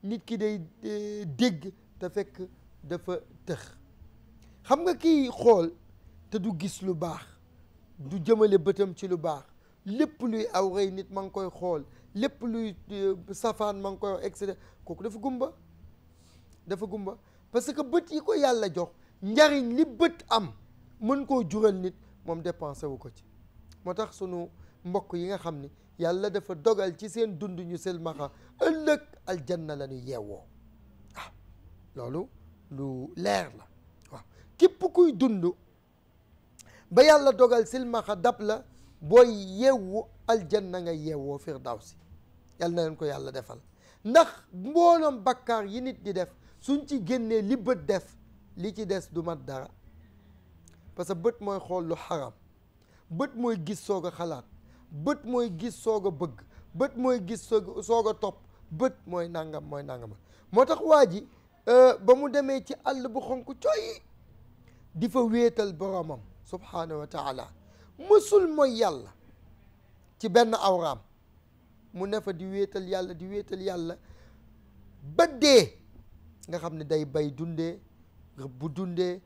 [SPEAKER 1] nit ki day e, dégg te fekk dafa tëx xam nga ki xool te du gis lu baax du jëmale bëtam ci lu baax lépp luy aw rey nit ma ngi koy xool lépp luy euh, safaan ma ngi koy wax kooku dafa gumba dafa gumba parce que bët yi ko yàlla jox njariñ li bët am mën koo jural nit moom dépensé wu ko ci moo tax sunu mbokk yi nga xam ni yàlla dafa dogal ci seen dund ñu silmaxa ëllëg aljanna la ñu yeewoo waaw ah, loolu lu leer la waaw képp kuy dund ba yàlla dogal silmaxa dab la booy boo yeewu aljanna nga yeewoo si yal na leen ko yàlla defal ndax mbooloom bakkaar yi nit di def suñ ci génnee li bët def li ci des du mat dara parce que bët mooy xool lu xaram bët mooy gis soog a xalaat bët mooy gis soog a bëgg bët mooy gis soog a topp bët mooy nangam mooy nangam moo tax waa ji euh, ba mu demee ci àll bu xonk coy di fa wéetal boromam subhaanahu wa taala mësul mooy yàlla ci benn awraam mu ne fa di wéetal yàlla di wéetal yàlla ba nga xam ne day bay dundee bu dundee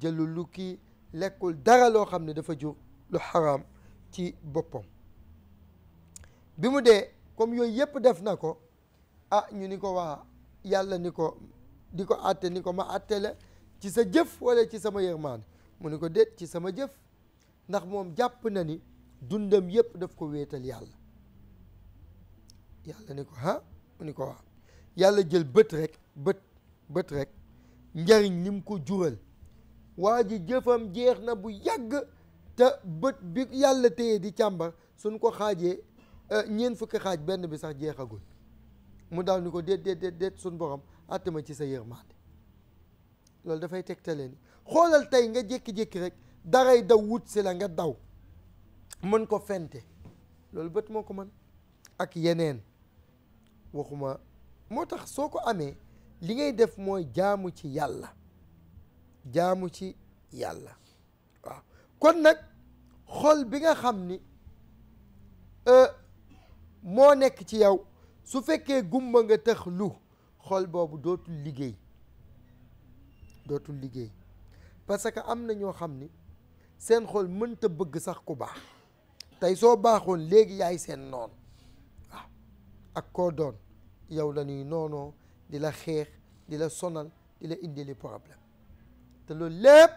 [SPEAKER 1] jëlu lukki lekkul dara loo xam ne dafa jur lu xaraam ci boppam bi mu dee comme yooyu yëpp def na ko ah ñu ni ko waa yàlla ni ko di ko àtte ni ko ma àtte la ci sa jëf wala ci sama yërmaane mu ni ko déet ci sama jëf ndax moom jàpp na ni dundam yépp daf ko wéetal yàlla yàlla ni ko ah mu ni ko waaw yàlla jël bët rekk bët bët rek njariñ lim ko jural waa ji jëfam jeex na bu yàgg te bët bi yàlla téye di càmbar suñ ko xaajee eh, ñeent fukki xaaj benn bi sax jeexagul mu daal ni ko déet déet déet déet suñ borom ma ci sa yërmande loolu dafay tegtale ni xoolal tey nga jékki-jékki rek daray daw wut si la nga daw mën ko fente loolu bët moo ko mën ak yeneen waxuma moo tax soo ko amee li ngay def mooy jaamu ci yàlla jaamu ci yàlla waaw kon nag xol bi nga xam ni euh, moo nekk ci yow su fekkee gumba nga tax lu xol boobu dootul liggéey dootul liggéey parce que am na ñoo xam ni seen xol mënta bëgg sax ku baax tey soo baaxoon léegi yaay seen noon waaw ak koo doon yow la ñuy noonoo di la xeex di la sonal di la indi li problème te loolu lépp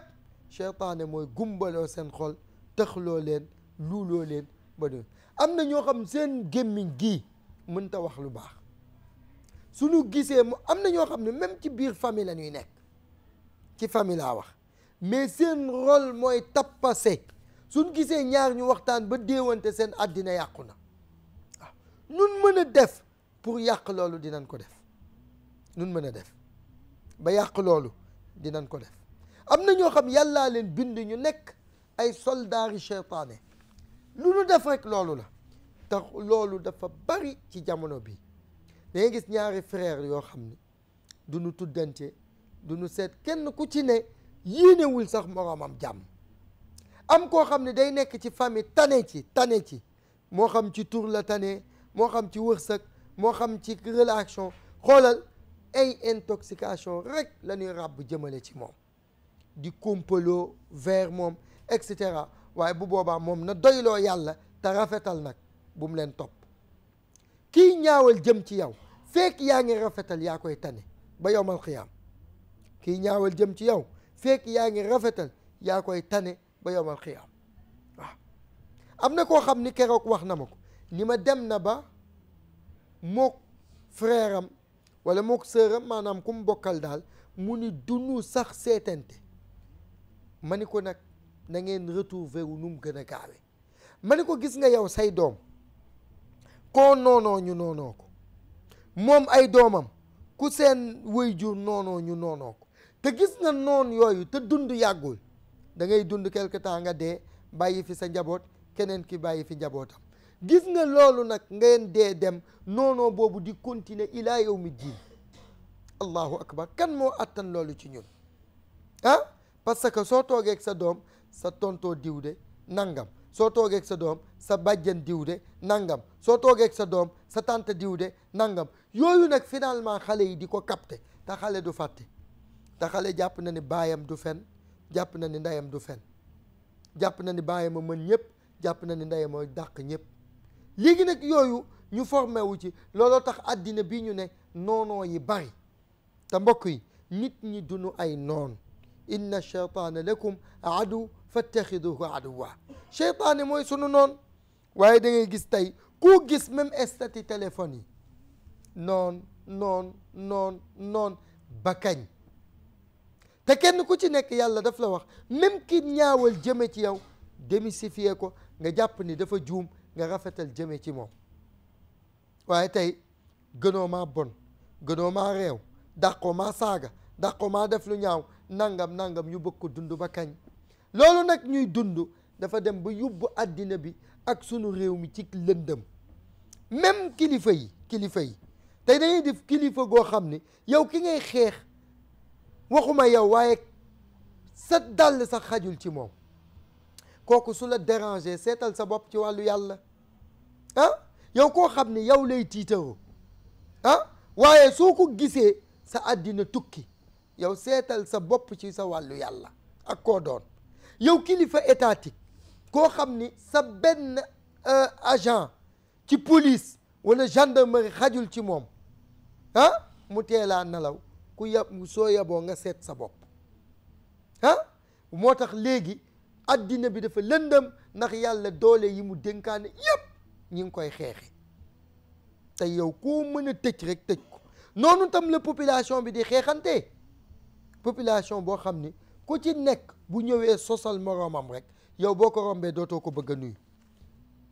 [SPEAKER 1] cheytaane mooy gumbaloo seen xol tëxloo leen luuloo leen ba doon am na ñoo xam seen gémmiñ gii mënta wax lu baax suñu gisee mu am na ñoo xam ne même ci biir famille la ñuy nekk ci famille laa wax mais seen rôle mooy tappase suñ gisee ñaar ñu waxtaan ba déewante seen àddina yàqu na waaw nun mën a def pour yàq loolu dinañ ko def nun mën a def ba yàq loolu dinañ ko def am na ñoo xam yàllaa leen bind ñu nekk ay soldaari seytaane lu nu def rekk loolu la tax loolu dafa bari ci jamono bi da gis ñaari frère yoo xam ne du nu tuddante du nu seet kenn ku ci ne yéenewul sax am jàmm am koo xam ne day nekk ci famille tane ci tane ci moo xam ci tur la tane moo xam ci wërsëg moo xam ci relation xoolal ay intoxication rek lañuy ñuy ràbb jëmale ci moom di kompaloo ver moom et cetera waaye bu boobaa moom na doyloo yàlla te rafetal nag bu mu leen topp kii ñaawal jëm ci yow fekk yaa ngi rafetal yaa koy tane ba yowmal xiyaam kii ñaawal jëm ci yow fekk yaa ngi rafetal yaa koy tane ba yowmal xiyaam am na koo xam ni keroog wax na ma ko ni ma dem na ba mook frère am wala mook sœur maanaam ku mu bokkal daal mu ni dunu sax seetante ma ni ko nag na ngeen retrouver wu nu mu gën a gaawe ma ni ko gis nga yow say doom koo noonoo ñu noonoo ko moom ay doomam ku seen wëy jur noonoo ñu noonoo ko te gis nga noon yooyu te dund yàggul da ngay dund quelque temps nga dee bàyyi fi sa njaboot keneen ki bàyyi fi njabootam gis nga loolu nag ngeen dee dem noonoo boobu di continuer ilaa yawmi diin allahu akbar kan moo attan loolu ci ñun ah parce que soo toogeeg sa doom sa tontoo diw de nangam soo toogeeg sa doom sa bàjjan diw de nangam soo toogeeg sa doom sa tante diw de nangam yooyu nag finalement xale yi di ko capter te xale du fàtte te xale jàpp na ni baayam du fen jàpp na ni ndeyam du fen jàpp na ni baayam a mën ñëpp jàpp na ni ndeyam a dàq ñëpp léegi nag yooyu ñu formé ci looloo tax àddina bi ñu ne noonoo yi bari te mbokk yi nit ñi duñu ay noon inna cheytaana lakum adu fattaxiduhu aduwa cheytaane mooy sunu noon waaye dangay gis tey ku gis même estati téléphone yi noon noon noon noon ba kañ te kenn ku ci nekk yàlla daf la wax même ki ñaawal jëme ci yow démystifier ko nga jàpp ni dafa juum nga rafetal jëme ci moom waaye tey gënoo maa bon gënoo maa réew dàqoo maa saaga dàqoo maa def lu ñaaw nangam nangam ñu bëgg ko dund ba kañ loolu nag ñuy dund dafa dem ba yóbbu àddina bi ak sunu réew mi ci lëndëm même kilifa yi kilifa yi tey dañuy def kilifa goo xam ni yow ki ngay xeex waxuma yow waaye sa dàll sax xajul ci moom kooku su la déranger seetal sa bopp ci wàllu yàlla ah yow koo xam ni yow lay tiitaroo ah waaye soo ko gisee sa àddina tukki yow seetal sa bopp ci sa wàllu yàlla ak koo doon yow kilifa étatique koo xam ni sa benn euh, agent ci police wala gendarmerie xajul ci moom ah mu teelaa nelaw ku yab soo yaboo nga seet sa bopp ah moo tax léegi àddina bi dafa lëndëm ndax yàlla doole yi mu dénkaane yëpp ñi ngi koy xeexi te yow koo mën a tëj rek tëj ko noonu tam la population bi di xeexante population boo xam ni ku ci nekk bu ñëwee sosal moroomam rek yow boo ko rombee dootoo ko bëgg a nuyu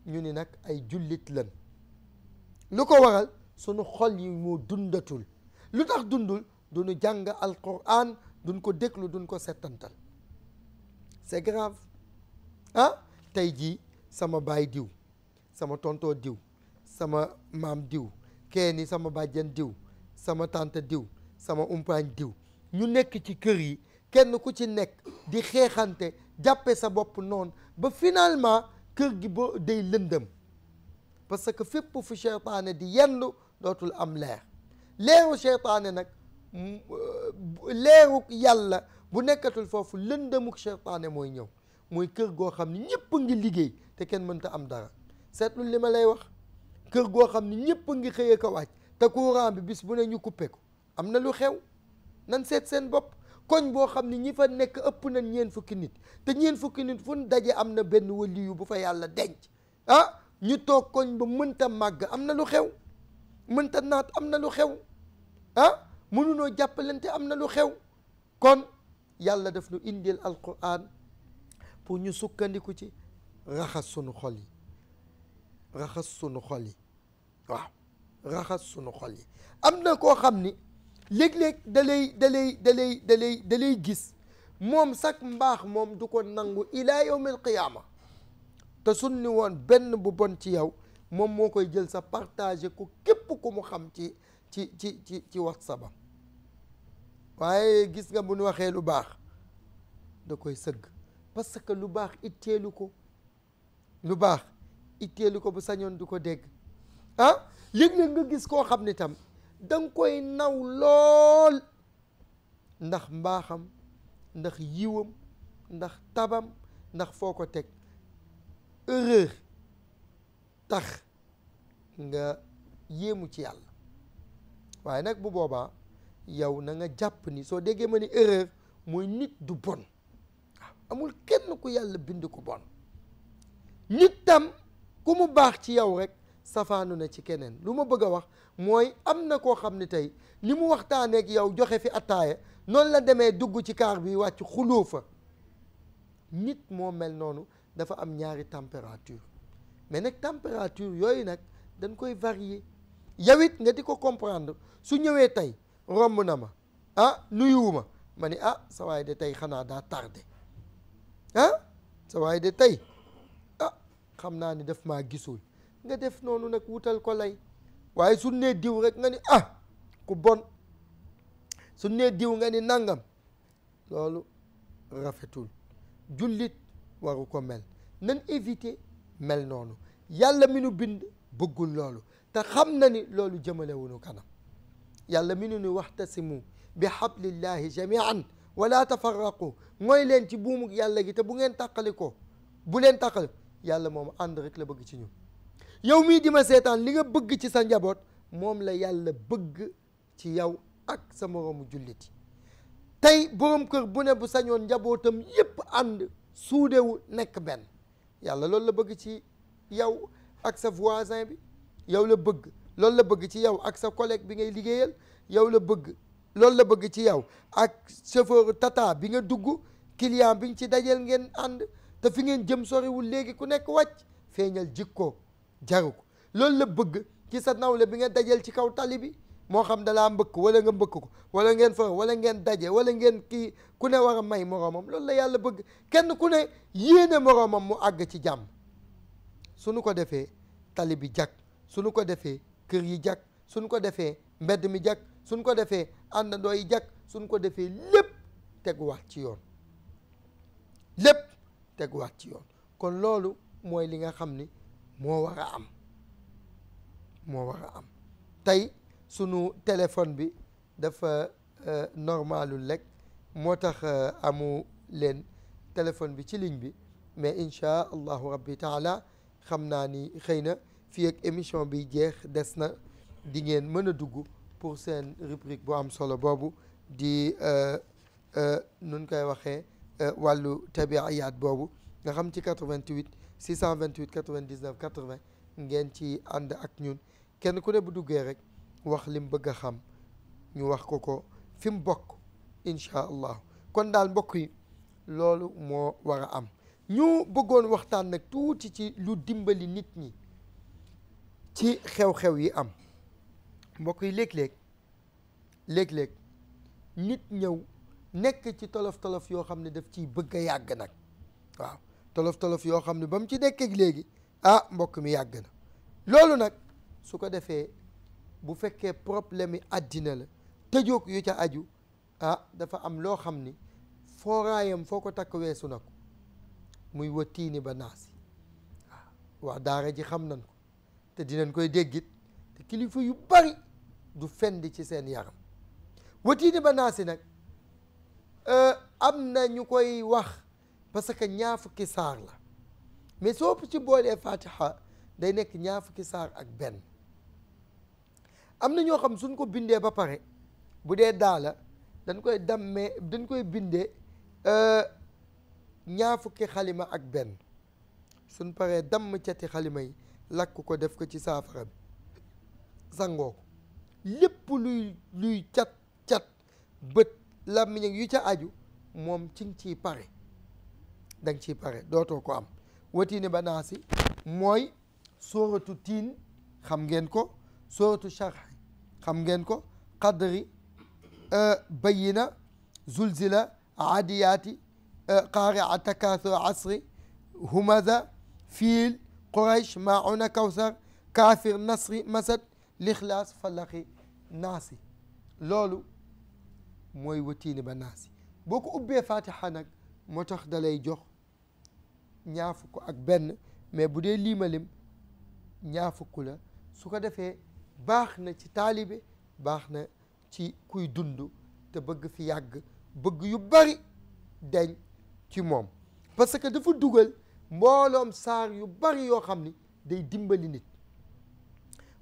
[SPEAKER 1] ñu ni nag ay jullit lan lu ko waral sunu xol yi moo dundatul lu tax dundul duñu jàng alquran duñ ko déglu duñ ko settantal c'est grave ah tey jii sama baay diw sama tontoo diw sama maam diw kee sama bàjjen diw sama tante diw sama umpaañ diw ñu nekk ci kër yi kenn ku ci nekk di xeexante jàppe sa bopp noonu ba finalement kër gi boo day lëndëm parce que fépp fu seytaane di yenn dootul am leer leeru seytaane nag Euh, leeruk yàlla bu nekkatul foofu lëndëmuk seytaane mooy ñëw mooy kër goo xam ne ñëpp ngi liggéey te kenn mënta am dara seetlu li ma lay wax kër goo xam ne ñëpp ngi xëyee ko wàcc te courant bi bis bu ne ñu coupé ko am na lu xew nan seet seen bopp koñ boo xam ne ñi fa nekk ëpp na ñeen fukki nit te ñeen fukki nit fu ñu daje am na benn waliyu bu fa yàlla denc ah ñu toog koñ ba mënta màgg am na lu xew mënta naat am na lu xew ah? mënunoo jàppalante am na lu xew kon yàlla def nu indil alquran pour ñu sukkandiku ci raxas sunu xol yi raxas sunu xol yi waaw raxas sunu xol yi am na koo xam ni léeg-léeg da lay da lay da lay gis moom sax mbaax moom du ko nangu ilaa yawmil qiyaama te sunni woon benn bu bon ci yow moom moo koy jël sa partagé ko képp ku mu xam ci ci ci ci ci whatsapp am waaye gis nga bu nu waxee lu baax da koy sëgg parce que lu baax itteelu ko lu baax itteelu ko bu sañoon du ko dégg ah yëg na nga gis koo xam ne tam da koy naw lool ndax mbaaxam ndax yiwam ndax tabam ndax foo ko teg erreur tax nga yéemu ci yàlla waaye nag bu boobaa yow na nga jàpp ni soo déggee ma ni erreur mooy nit du bon ah, amul kenn ku yàlla bind ku bon nit tam ku mu baax ci yow rek safaanu na ci keneen lu ma bëgg a wax mooy am na koo xam ne tey ni mu waxtaaneek yow joxe fi attaaya noonu la demee dugg ci kaar bi wàcc xuloo fa nit moo mel noonu dafa am ñaari température mais nag température yooyu nag dañ koy varier yow it nga di ko comprendre su ñëwee tey romb na ma ah nuyuwuma ma ni ah sa waay de tey xanaa daa tardé ah sa waay de tey ah xam naa ni daf maa gisul nga def noonu nag wutal ko lay waaye su nee diw rek nga ni ah ku bon su nee diw nga ni nangam loolu rafetul jullit waru ko mel nan éviter mel noonu yàlla mi nu bind bëggul loolu te xam na ni loolu jëmalewunu kanam yàlla mi nu nu waxtasimu bi hablillahi jamian wala tafarraqu mooy leen ci buumu yàlla gi te bu ngeen tàqali ko bu leen tàqali yàlla moom ànd rek la bëgg ci ñu yow mii di ma seetaan li nga bëgg ci sa njaboot moom la yàlla bëgg ci yow ak sa moroomu julliti tey borom kër bu ne bu sañoon njabootam yépp ànd suudewu nekk benn yàlla loolu la bëgg ci yow ak sa voisin bi yow la bëgg loolu la bëgg ci yow ak sa collègue bi ngay liggéeyal yow la bëgg loolu la bëgg ci yow ak chauffeur tata bi nga dugg client bi nga ci dajeel ngeen ànd te fi ngeen jëm soriwul léegi ku nekk wàcc feeñal jikko jaru ko loolu la bëgg ci sa nawle bi nga dajeel ci kaw tali bi moo xam da laa mbëkk wala nga mbëkk ko wala ngeen fa wala ngeen daje wala ngeen kii ku ne war a may moroomam loolu la yàlla bëgg kenn ku ne yéene moroomam mu àgg ci jàmm su nu ko defee tali bi jag su nu ko defee kër yi jàkk suñ ko defee mbedd mi jàkk suñ ko defee àndandoo yi jàkk suñ ko defee lépp teguwaat ci yoon lépp teguwaat ci yoon kon loolu mooy li nga xam ni moo war a am moo war a am tey sunu téléphone bi dafa euh, normalul lekk moo tax euh, amu leen téléphone bi ci ligne bi mais incha allahu rabbi taala xam naa ni xëy na fii ak émission bi jeex des na di ngeen mën a dugg pour seen rubrique bu am solo boobu di euh, euh, nun koy waxee euh, wàllu tabiayaat boobu nga xam ci 88 628 99 80 ngeen ci ànd ak ñun kenn ku ne bu duggee rek wax lim bëgg a xam ñu wax ko ko fi mu bokk incha allah kon daal mbokk yi loolu moo war a am ñu bëggoon waxtaan nag tuuti ci lu dimbali nit ñi ci xew-xew yi am mbokk yi léeg-léeg léeg-léeg nit ñëw nekk ci tolof-tolof yoo xam ne daf ciy bëgg yàgg nag waaw tolof-tolof yoo xam ne ba mu ci nekkeeg léegi ah mbokk mi yàgg na loolu nag su ko defee bu fekkee problème yi àddina la tëjoog yu ca aju ah dafa am loo xam ni fooraayam foo ko takk weesu na ko muy watiini ba naasi waaw waa daara ji xam nan te dinañ koy déggit te kilifa yu bari du fend ci seen yaram watiini ba naa si nag euh, am na ñu koy wax parce que ñaar fukki saar la mais soo ci boolee fatiha day nekk ñaar fukki saar ak benn am na ñoo xam suñ ko bindee ba pare bu dee daala dañ koy dammee dañ koy bindee euh, ñaar fukki xalima ak benn suñ paree damm cati xalima yi lakk ko def ko ci saafara bi sangoo lépp luy luy cat cat bët làmmiñ ak yu ca aju moom ci nga ciy pare da nga ciy pare dootoo ko am watiini ba naa si mooy sóoratu tiin xam ngeen ko sóoratu charxi xam ngeen ko qadri euh, bayina zulzila adiyaati euh, qaari'a takaasur asri humaza fiil quraish mauna kawsar kaafir nasri masad lixlaas falaxi naasi loolu mooy watiini ba naasi boo ko ubbee fatiha nag moo tax dalay jox ñaar fukk ak benn mais bu dee liimalim ñaar fukk la su ko defee baax na ci taalibe baax na ci kuy dund te bëgg fi yàgg bëgg yu bari dañ ci moom parce que dafa dugal mbooloom saar yu bari yoo xam ni day dimbali nit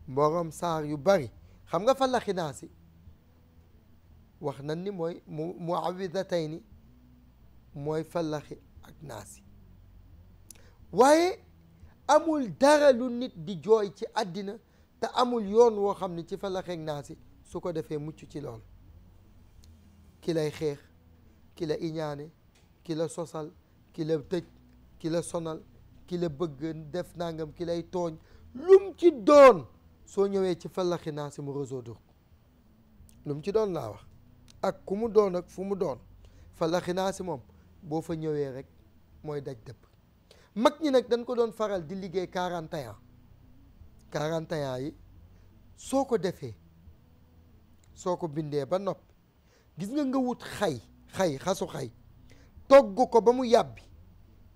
[SPEAKER 1] mbooloom saar yu bari xam nga falaxi naa wax nan ni mooy mu muawidatayni mooy falaxi ak naasi waaye amul dara lu nit di jooy ci àddina te amul yoon woo xam ne ci falaxi ak naasi su ko defee mucc ci lool ki lay xeex kila la iñaane ki sosal ki tëj ki la sonal ki bëgg def nangam ki lay tooñ lum ci doon soo ñëwee ci fallaxi naa si mu lum ci doon laa wax ak ku mu doon ak fu mu doon fallaxi naa si moom boo fa ñëwee rek mooy daj dëpp mag ñi nag dañ ko doon faral di liggéey quarante ans yi soo ko defee soo ko bindee ba nopp gis nga nga wut xay xay xasu xay togg ko ba mu yàbbi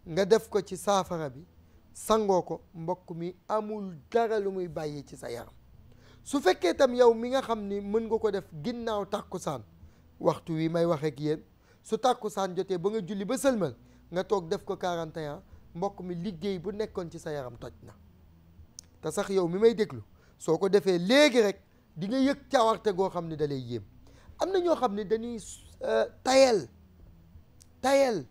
[SPEAKER 1] nga def ko ci saafara bi sangoo ko mbokk mi amul dara lu muy bàyyi ci sa yaram su fekkee tam yow mi nga xam ni mën nga ko def ginnaaw tàkkusaan waxtu wi may waxeeg ak yéen su tàkkusaan jotee ba nga julli ba sëlmal nga toog def ko 41 mbokk mi liggéey bu nekkoon ci sa yaram toj na te sax yow mi may déglu soo ko defee léegi rek di nga yëg cawarte goo xam ne dalay yéem am na ñoo xam ne dañuy euh, tayel tayel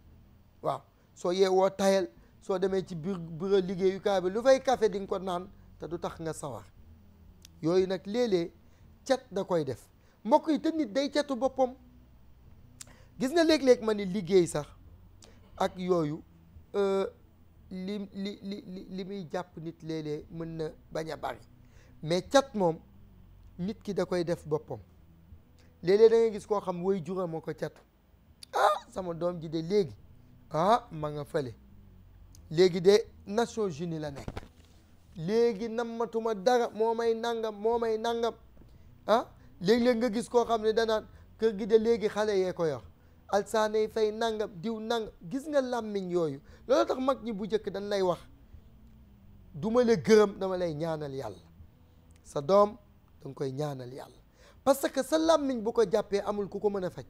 [SPEAKER 1] soo yeewoo tayal soo demee ci biir bureau liggéeyukaay bi lu fay café di nga ko naan te du tax nga sawar yooyu nag léeg-léeg cat da koy def mbokk yi te nit day catu boppam gis nga léeg-léeg ma ni liggéey sax ak yooyu euh, li li li li muy jàpp nit léeg-léeg mën na bañ a bari mais cat moom nit ki da koy def boppam léeg-léeg da ngay gis koo xam woy juram a ko catu ah sama doom ji de léegi ah ma nga fale léegi de Nations Unies la nekk léegi nammatuma dara moo may nangam moo may nangam ah léegi-léeg nga gis koo xam ne danaan kër gi de léegi xale yee ko yor alsaaney fay nangam diw nangam gis nga làmmiñ yooyu loolu tax mag ñi bu njëkk dañ lay wax du ma la gërëm dama lay ñaanal yàlla sa doom danga koy ñaanal yàlla parce que sa làmmiñ bu ko jàppee amul ku ko mën a faj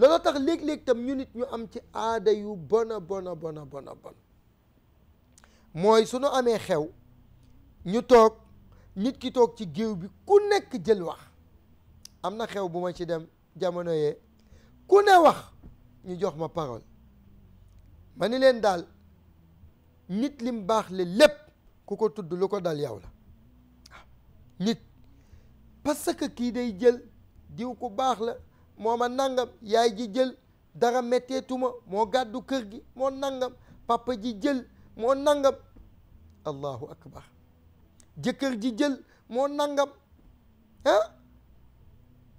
[SPEAKER 1] looloo tax léeg-léeg tam ñu nit ñu am ci aada yu bona bona bona bona bon mooy suñu amee xew ñu toog nit ki toog ci géew bi ku nekk jël wax am na xew bu ma ci dem jamono yee ku ne wax ñu jox ma parole ma ni leen daal nit lim baax le lépp ku ko tudd lu ko dal yow la nit parce que kii day jël diw ku baax la moo ma nangam yaay ji jël dara metteetuma moo gàddu kër gi moo nangam papa ji jël moo nangam allahu akbar jëkkër ji jël moo nangam ah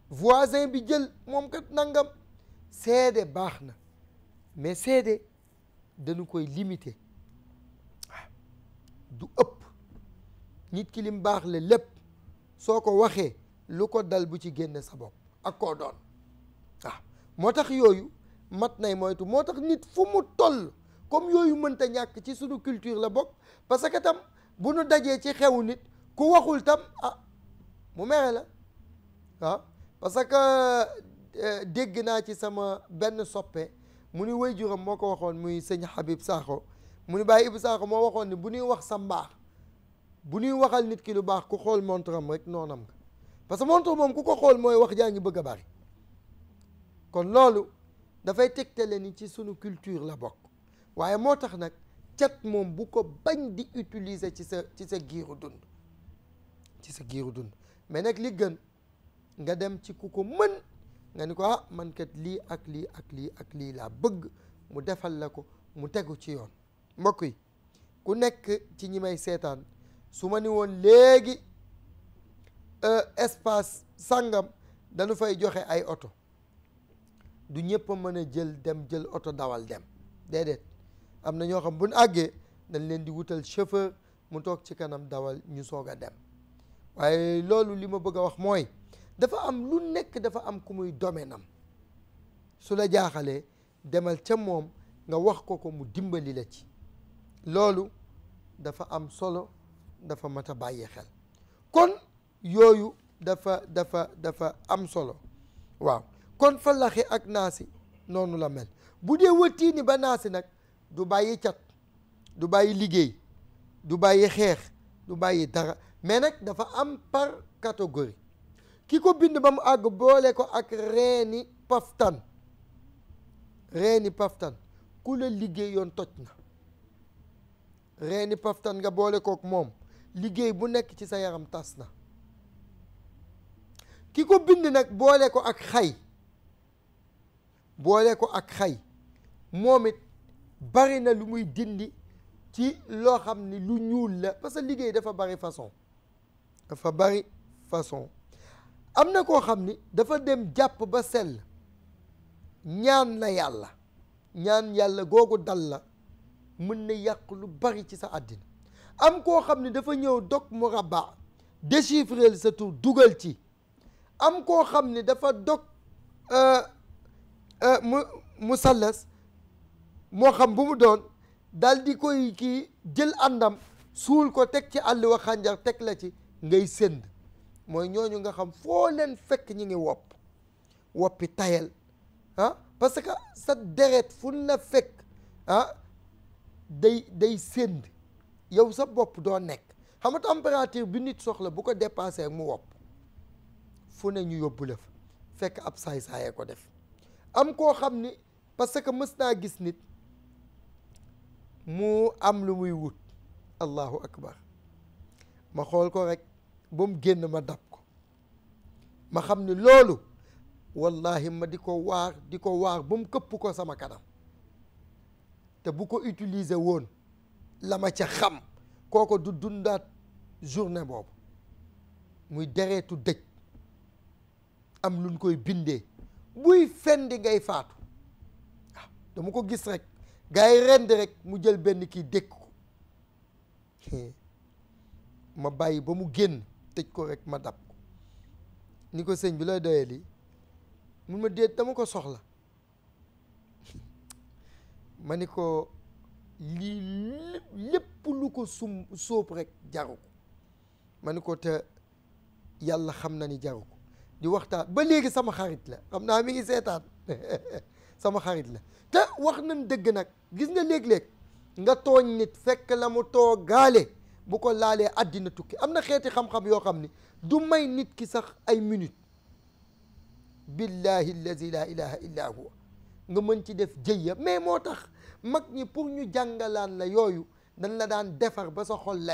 [SPEAKER 1] voisin bi jël moom kat nangam seede baax na mais seede danu koy limité ah, du ëpp nit kilim baax la lépp soo ko waxee lu ko dal bu ci génne sa bopp ak koo doon waaw ah. moo tax yooyu mat nay moytu moo tax nit fu mu toll comme yooyu mënta ñàkk ci suñu culture la bokk parce que tam bu nu dajee ci xewu nit ku waxul tam ah mu mere la waaw ah. parce que euh, dégg naa ci sama benn soppe mu ni way juram moo ko waxoon muy sëñ Habib Sakho mu ni bàyyi Ibu Sakho moo waxoon ni bu ñuy wax sa mbaax bu ñuy waxal nit ki lu baax ku xool montre am rek noonam nga parce que montre moom ku ko xool mooy wax jaa ngi bëgg a bari kon loolu dafay tegtale ni ci sunu culture la bokk waaye moo tax nag cat moom bu ko bañ di utiliser ci sa ci sa giiru dund ci sa giiru dund mais nag li gën nga dem ci ku ko mën nga ni ko ah man kat lii ak lii ak lii ak lii laa bëgg mu defal la ko mu tegu ci yoon mbokk yi ku nekk ci ñi may seetaan su ma ni woon léegi euh, espace sàngam dañu fay joxe ay oto du ñëpp mën a jël dem jël oto dawal dem déedéet am na ñoo xam bu nu àggee dañ leen di wutal chauffeur mu toog ci kanam dawal ñu soog a dem waaye loolu li ma bëgg a wax mooy dafa am lu nekk dafa am ku muy domaine su la jaaxalee demal ca moom nga wax ko ko mu dimbali la ci loolu dafa am solo dafa mat a bàyyi xel kon yooyu dafa dafa dafa am solo waaw kon fa ak naasi noonu la mel bu dee wëttiini ba naasi nag du bàyyi cat du bàyyi liggéey du bàyyi xeex du bàyyi dara mais nag dafa am par catégorie ki ko bind ba mu àgg boole ko ak reeni paftan reeni paftan ku la liggéey reeni paftan nga boole kook moom liggéey bu nekk ci sa yaram tas na ki ko bind nag boole ko ak xay boole ko ak xay moom it bari na lu muy dindi ci loo xam ni lu ñuul la parce que liggéey dafa bari façon dafa bari façon am na koo xam ni dafa dem jàpp ba sell ñaan na yàlla ñaan yàlla googu dal la mën na yàq lu bari ci sa àddina am koo xam ni dafa ñëw dog murabba déchiffrel sa tur dugal ci am koo xam ni dafa dog euh, Euh, mu mu sallas moo xam bu mu doon daal di koy kii jël àndam suul ko teg ci àll wa teg la ci ngay sënd mooy ñooñu nga xam foo leen fekk ñi ngi wopp woppi tayel ah, parce que sa deret fu la fekk ah day day sënd yow sa bopp doo nekk xam nga bi nit soxla bu ko dépassé mu wopp fu ne ñu yóbbu la fa fekk ab saay-saayee ko def am koo xam ni parce que mës naa gis nit mu am lu muy wut allahu akbar ma xool ko rek ba mu génn ma dab ko ma xam ni loolu wallahi ma di ko waar di ko waar ba mu këpp ko sama kanam te bu ko utiliser woon la ma ca xam kooko du dundaat journée boobu muy dereetu dëj am luñ koy bindee buy fen di ngay faatu ah, dama ko gis rek gars yi rend rek mu jël benn kii dékk ko ma bàyyi ba mu génn tëj ko rek ma dab ko ni ko sëñ bi lay doyee lii mun ma déet dama ko soxla ma ni ko lii lépp lu ko sum sóob rek jaru ko ma ni ko te yàlla xam na ni jaru ko di waxtaan ba léegi sama xarit la xam naa mi ngi seetaan sama xarit la te wax nañ dëgg nag gis nga léeg-léeg nga tooñ nit fekk la mu toogaale bu ko laalee àddina tukki am na xeeti xam-xam yoo xam ni du may nit ki sax ay minute billahi allazi la ilaha illa huwa nga mën ci def jëyya mais moo tax mag ñi pour ñu jàngalaan la yooyu dañ la daan defar ba sa xol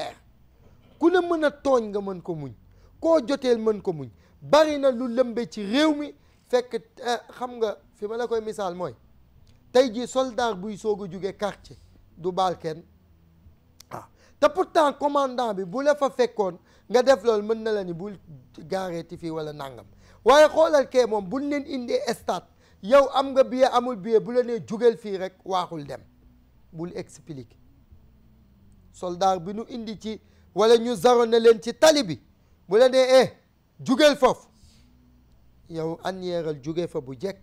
[SPEAKER 1] ku ne mën a tooñ nga mën ko muñ koo joteel mën ko muñ bari na lu lëmbe ci réew mi fekk eh, xam nga fi ma la koy misaal mooy tey jii soldat buy soog a jóge quartier du baal kenn ah te pourtant commandant bi bu la fa fekkoon nga def lool mën na la ni bul gaareeti fii wala nàngam waaye xoolal kee moom buñ leen indee stade yow am nga billet amul billet bu la nee jógal fii rek waaxul dem bul expliquer soldat bi nu indi ci wala ñu zaro na leen ci tali bi bu la nee eh jugeel foofu yow annièral jugee fa bu jekk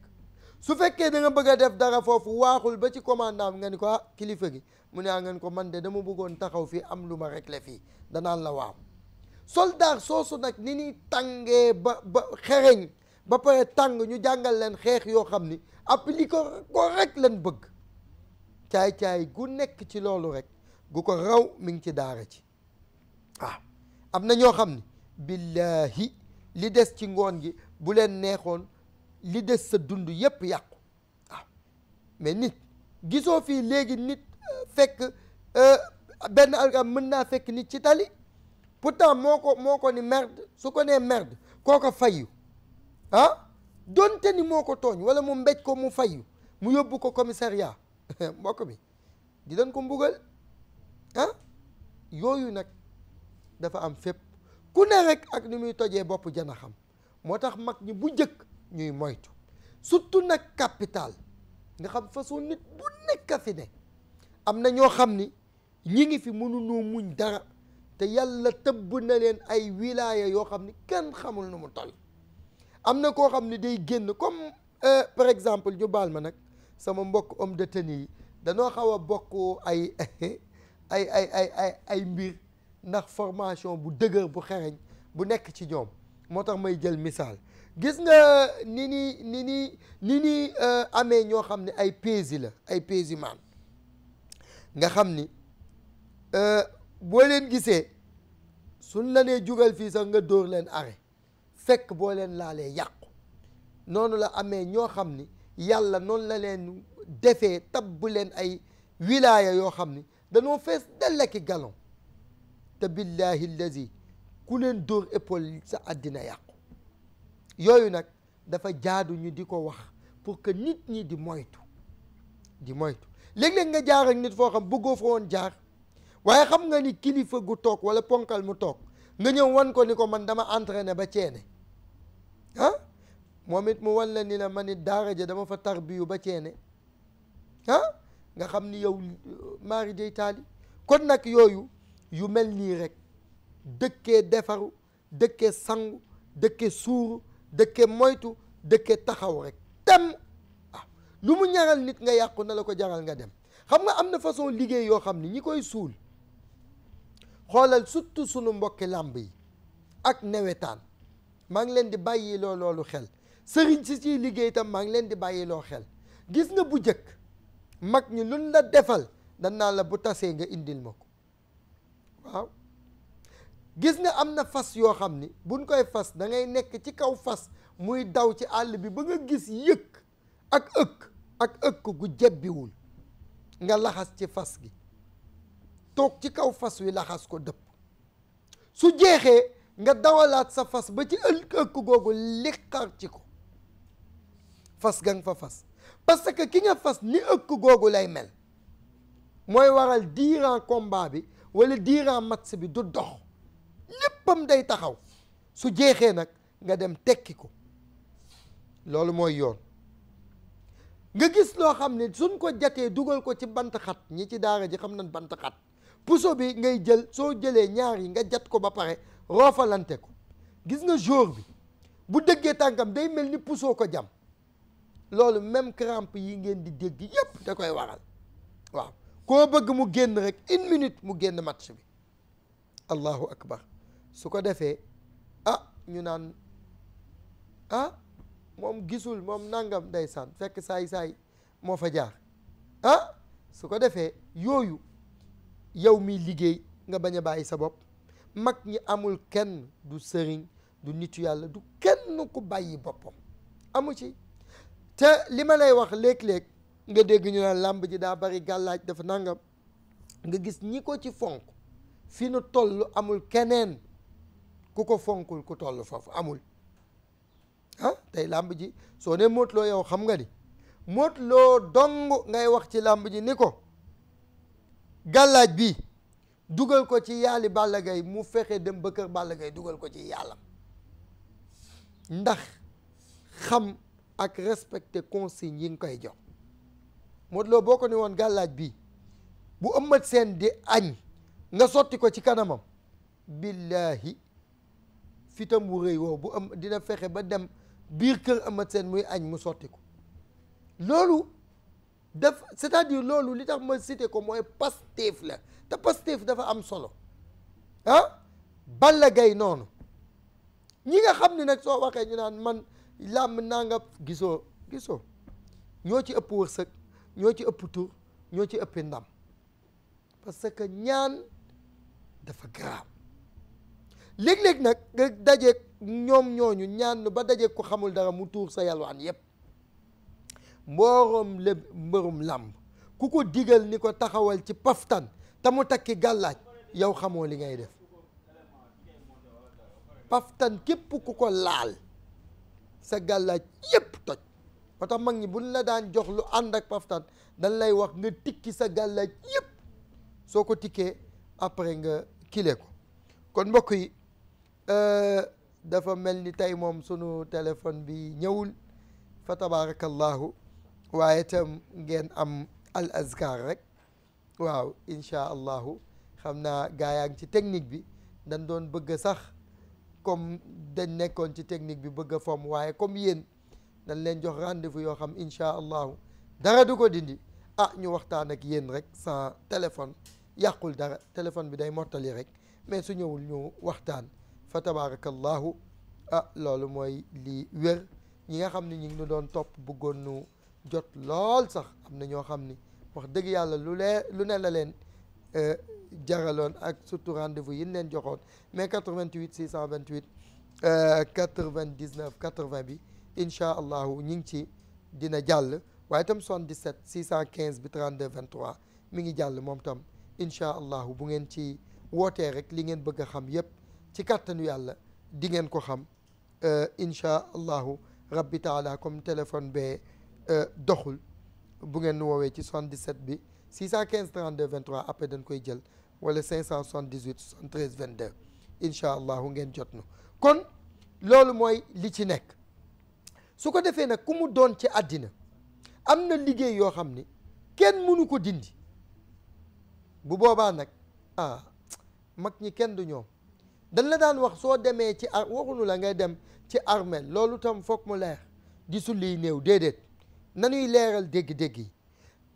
[SPEAKER 1] su fekkee da nga bëgg a def dara foofu waaxul ba ci commandant nga ni ko ah kilifa gi mu ne ah, ngeen ko man de dama bëggoon taxaw fii am lu ma réglé fii danaan la waaw soldat soosu nag ni ñuy tàngee ba pare tàng ñu jàngal leen xeex yoo xam ni appli ko ko rek leen bëgg caay-caay gu nekk ci loolu gu ko raw mi ngi ci daara ci waaw am na ñoo xam ni billahi li des ci ngoon gi bu leen neexoon li des sa dund yépp yàqu waaw ah. mais nit gisoo fii léegi nit euh, fekk euh, benn algam euh, mën naa fekk nit ci tali pourtant moo ko moo ko ni merde su ko nee merde kooko fayu ah donte ni moo ko tooñ wala mu mbej ko mu fayu mu yóbbu ko commissariat mbokk bi di dañ ko mbugal ah yooyu nag dafa am fépp ku ne rek ak ni muy tojee bopp janaxam moo tax mag ñi bu jëkk ñuy moytu surtout nag capital nga xam façon nit bu nekk fi ne am na ñoo xam ni ñi ngi fi mënunoo muñ dara te yàlla tëbb na leen ay wilaya yoo xam ni kenn xamul nu mu toll am na koo xam ni day génn comme euh, par exemple ñu baal ma nag sama mbokk om de tenue yi danoo xaw a bokk ay ay ay ay ay ay mbir ndax formation bu dëgër bu xereñ bu nekk ci ñoom moo tax may jël misaal gis nga ni ni ni ni ni ni euh, amee ñoo xam ne ay paysi la ay paysi maan nga xam ni euh, boo leen gisee suñ la nee jugal fii sax nga dóor leen arrêt fekk boo leen laalee yàqu noonu la amee ñoo xam ni yàlla noonu la leen defee tabb leen ay wilaaya yoo xam ni danoo fees dell ak galon te billahi allazi ku leen dóor épaule sa àddina yàqu yooyu nag dafa jaadu ñu di ko wax pour que nit ñi di moytu di moytu léeg-léeg nga jaar ak nit foo xam bëggoo fa woon jaar waaye xam nga ni kilifa gu toog wala ponkal mu toog nga ñëw wan ko ni ko man dama entraîné ba ceene ah moom it mu wan la ni la man it daara ja dama fa tarbiyu ba ceene ah nga xam ni yow maari day taali kon nag yooyu yu mel nii rek dëkkee defaru dëkke sangu dëkkee suuru dëkkee moytu dëkkee taxaw rek tem ah lu mu ñaral nit nga yàqu na la ko jaral nga dem xam nga am na façon liggéey yoo xam ne ñi koy suul xoolal surtout sunu mbokki làmb yi ak newetaan maa ngi leen di bàyyiloo loolu xel sëriñ si ciy liggéey itam maa ngi leen di bàyyiloo xel gis nga bu jëkk mag ñi luñ la defal danaa la bu tasee nga indil ma ko waaw gis nga am na fas yoo xam ni buñ koy fas dangay nekk ci kaw fas muy daw ci àll bi ba nga gis yëkk ak ëkk ak ëkk gu jebbiwul nga laxas ci fas gi toog ci kaw fas wi laxas ko dëpp su jeexee nga dawalaat sa fas ba ci ëkk ëkk googu liqar ci ko fas ga nga fas parce que ki nga fas ni ëkk googu lay mel mooy waral diira komba bi wala diiraa match bi du dox léppam day taxaw su jeexee nag nga dem tekki ko loolu mooy yoon nga gis loo xam ne suñ ko jatee dugal ko ci bant xat ñi ci daara ji xam nañ bant xat puso bi ngay jël soo jëlee ñaar yi nga jat ko ba pare roofalante ko gis nga jour bi bu dëggee tànkam day mel ni puso ko jam loolu même crampe yi ngeen di dégg yépp da koy waral waaw koo bëgg mu génn rek une minute mu génn match bi allahu akbar su ko defee ah ñu naan ah moom gisul moom nangam ndeysaan fekk saay-saay moo fa jaar ah su ko defee yooyu yow mi liggéey nga bañ a bàyyi sa bopp mag ñi amul kenn du sëriñ du nit yàlla du kenn ku bàyyi boppam amu ci te li ma lay wax léeg-léeg nga dégg ñu naan làmb ji daa bari gàllaaj dafa nangam nga gis ñi ko ci fonk fi nu toll amul keneen ku ko fonkul ku toll foofu amul ah, tey làmb ji soo ne mootloo yow xam nga ni mootloo dong ngay wax ci làmb ji ni ko gàllaaj bi dugal ko ci yaali mu fexe dem ba kër Balla Gaye dugal ko ci yàlla ndax xam ak respecter consigne yi nga koy jox Modou Lo boo ko ne woon gàllaaj bii bu ëmmat seen di añ nga sotti ko ci kanamam billahi fitam wu rëy woow bu am dina fexe ba dem biir kër ëmmat seen muy añ mu sotti ko loolu daf cest loolu li tax ma cité ko mooy Pastef la te Pastef dafa am solo ah Balla gay noonu ñi nga xam ni nag soo waxee ñu naan man làmb naa nga gisoo gisoo ñoo ci ëpp wërsëg ñoo ci ëpp tur ñoo ci ëppi ndam parce que ñaan dafa garaaw léeg-léeg nag nga dajeeg ñoom ñooñu ñaan ba daje ku xamul dara mu tuur sa yalwaan yépp mboorom le mbërum làmb ku ko digal ni ko taxawal ci paftan te mu takki gàllaaj yow xamoo li ngay def paftan képp ku ko laal sa gàllaaj yépp toj ba tax mag ñi buñ la daan jox lu ànd ak paftan dañ lay wax nga tikki sa gàllaaj yëpp soo ko tikkee après nga kilee ko kon mbokk yi euh, dafa mel ni tey moom sunu téléphone bi ñëwul fa tabarakallahu waaye tam ngeen am al rek waaw inchaa allahu xam naa gaa yaa ngi ci technique bi dañ doon bëgg sax comme dañ nekkoon ci technique bi bëgg a fomm waaye comme yéen dañ leen jox rendez yoo xam incha allahu dara du ko dindi ah ñu waxtaan ak yéen rek sans téléphone yàqul dara téléphone bi day mottali rek mais su ñëwul ñu waxtaan fa tabaarakallahu a ah, loolu mooy li wér ñi nga xam ne ñu ngi nu doon topp bëggoon nu jot lool sax am na ñoo xam ni wax dëgg yàlla lu lee lu ne la leen euh, jaraloon ak surtout rendez-vous yi leen joxoon mais 88 628 99 vingt bi incha allahu ñu ngi ci dina jàll waaye itam 77 615 bi 32 23 mi ngi jàll moom tam incha allahu bu ngeen ci wootee rek li ngeen bëgg a xam yépp ci kàttanu yàlla di ngeen ko xam euh, incha allahu rabbi taala comme téléphone bee euh, doxul bu ngeen woowee ci 77 bi 615 32 23 après dañ koy jël wala 578 73 22 incha allahu ngeen jot nu kon loolu mooy li ci nekk su ko defee nag ku mu doon ci àddina am na liggéey yoo xam ne kenn mënu ko dindi bu boobaa nag ah, mag ñi kenn du ñoom dañ la daan wax soo demee ci ar waxunu la ngay dem ci armeel loolu tam foog mu leer di sulliy néew déedéet nanuy leeral dégg-dégg yi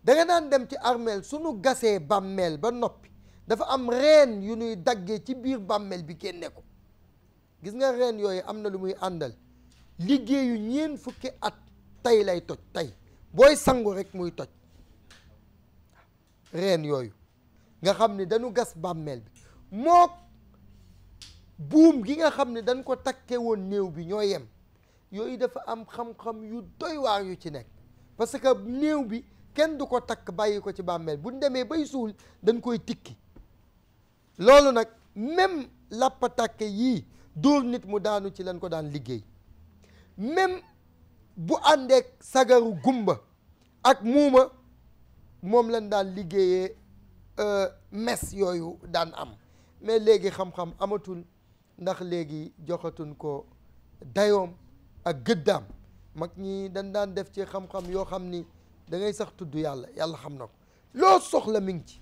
[SPEAKER 1] da daan dem ci armeel su suñu gasee bàmmeel ba noppi dafa am reen yu nuy daggee ci biir bàmmeel bi génne ko gis nga reen yooyu am na lu muy àndal liggéeyu ñeen fukki at tey lay toj tey booy sangu rek muy toj reen yooyu nga xam ni dañu gas bàmmeel bi mook buum gi nga xam ne dañ ko takke woon néew bi ñoo yem yooyu dafa am xam-xam yu doy waar yu ci nekk parce que néew bi kenn du ko takk bàyyi ko ci bàmmeel bu demee bay suul dañ koy tikki loolu nag même làpp tàkke yi dóor nit mu daanu ci lañ ko daan liggéey même bu àndeek sagaru gumba ak muuma moom lañ daan liggéeyee euh, mes yooyu daan am mais léegi xam-xam amatul ndax léegi joxatuñ ko dayoom ak gëddaam mag ñi dañ daan def ci xam-xam yoo xam ni dangay sax tudd yàlla yàlla xam na ko loo soxla mi ngi ci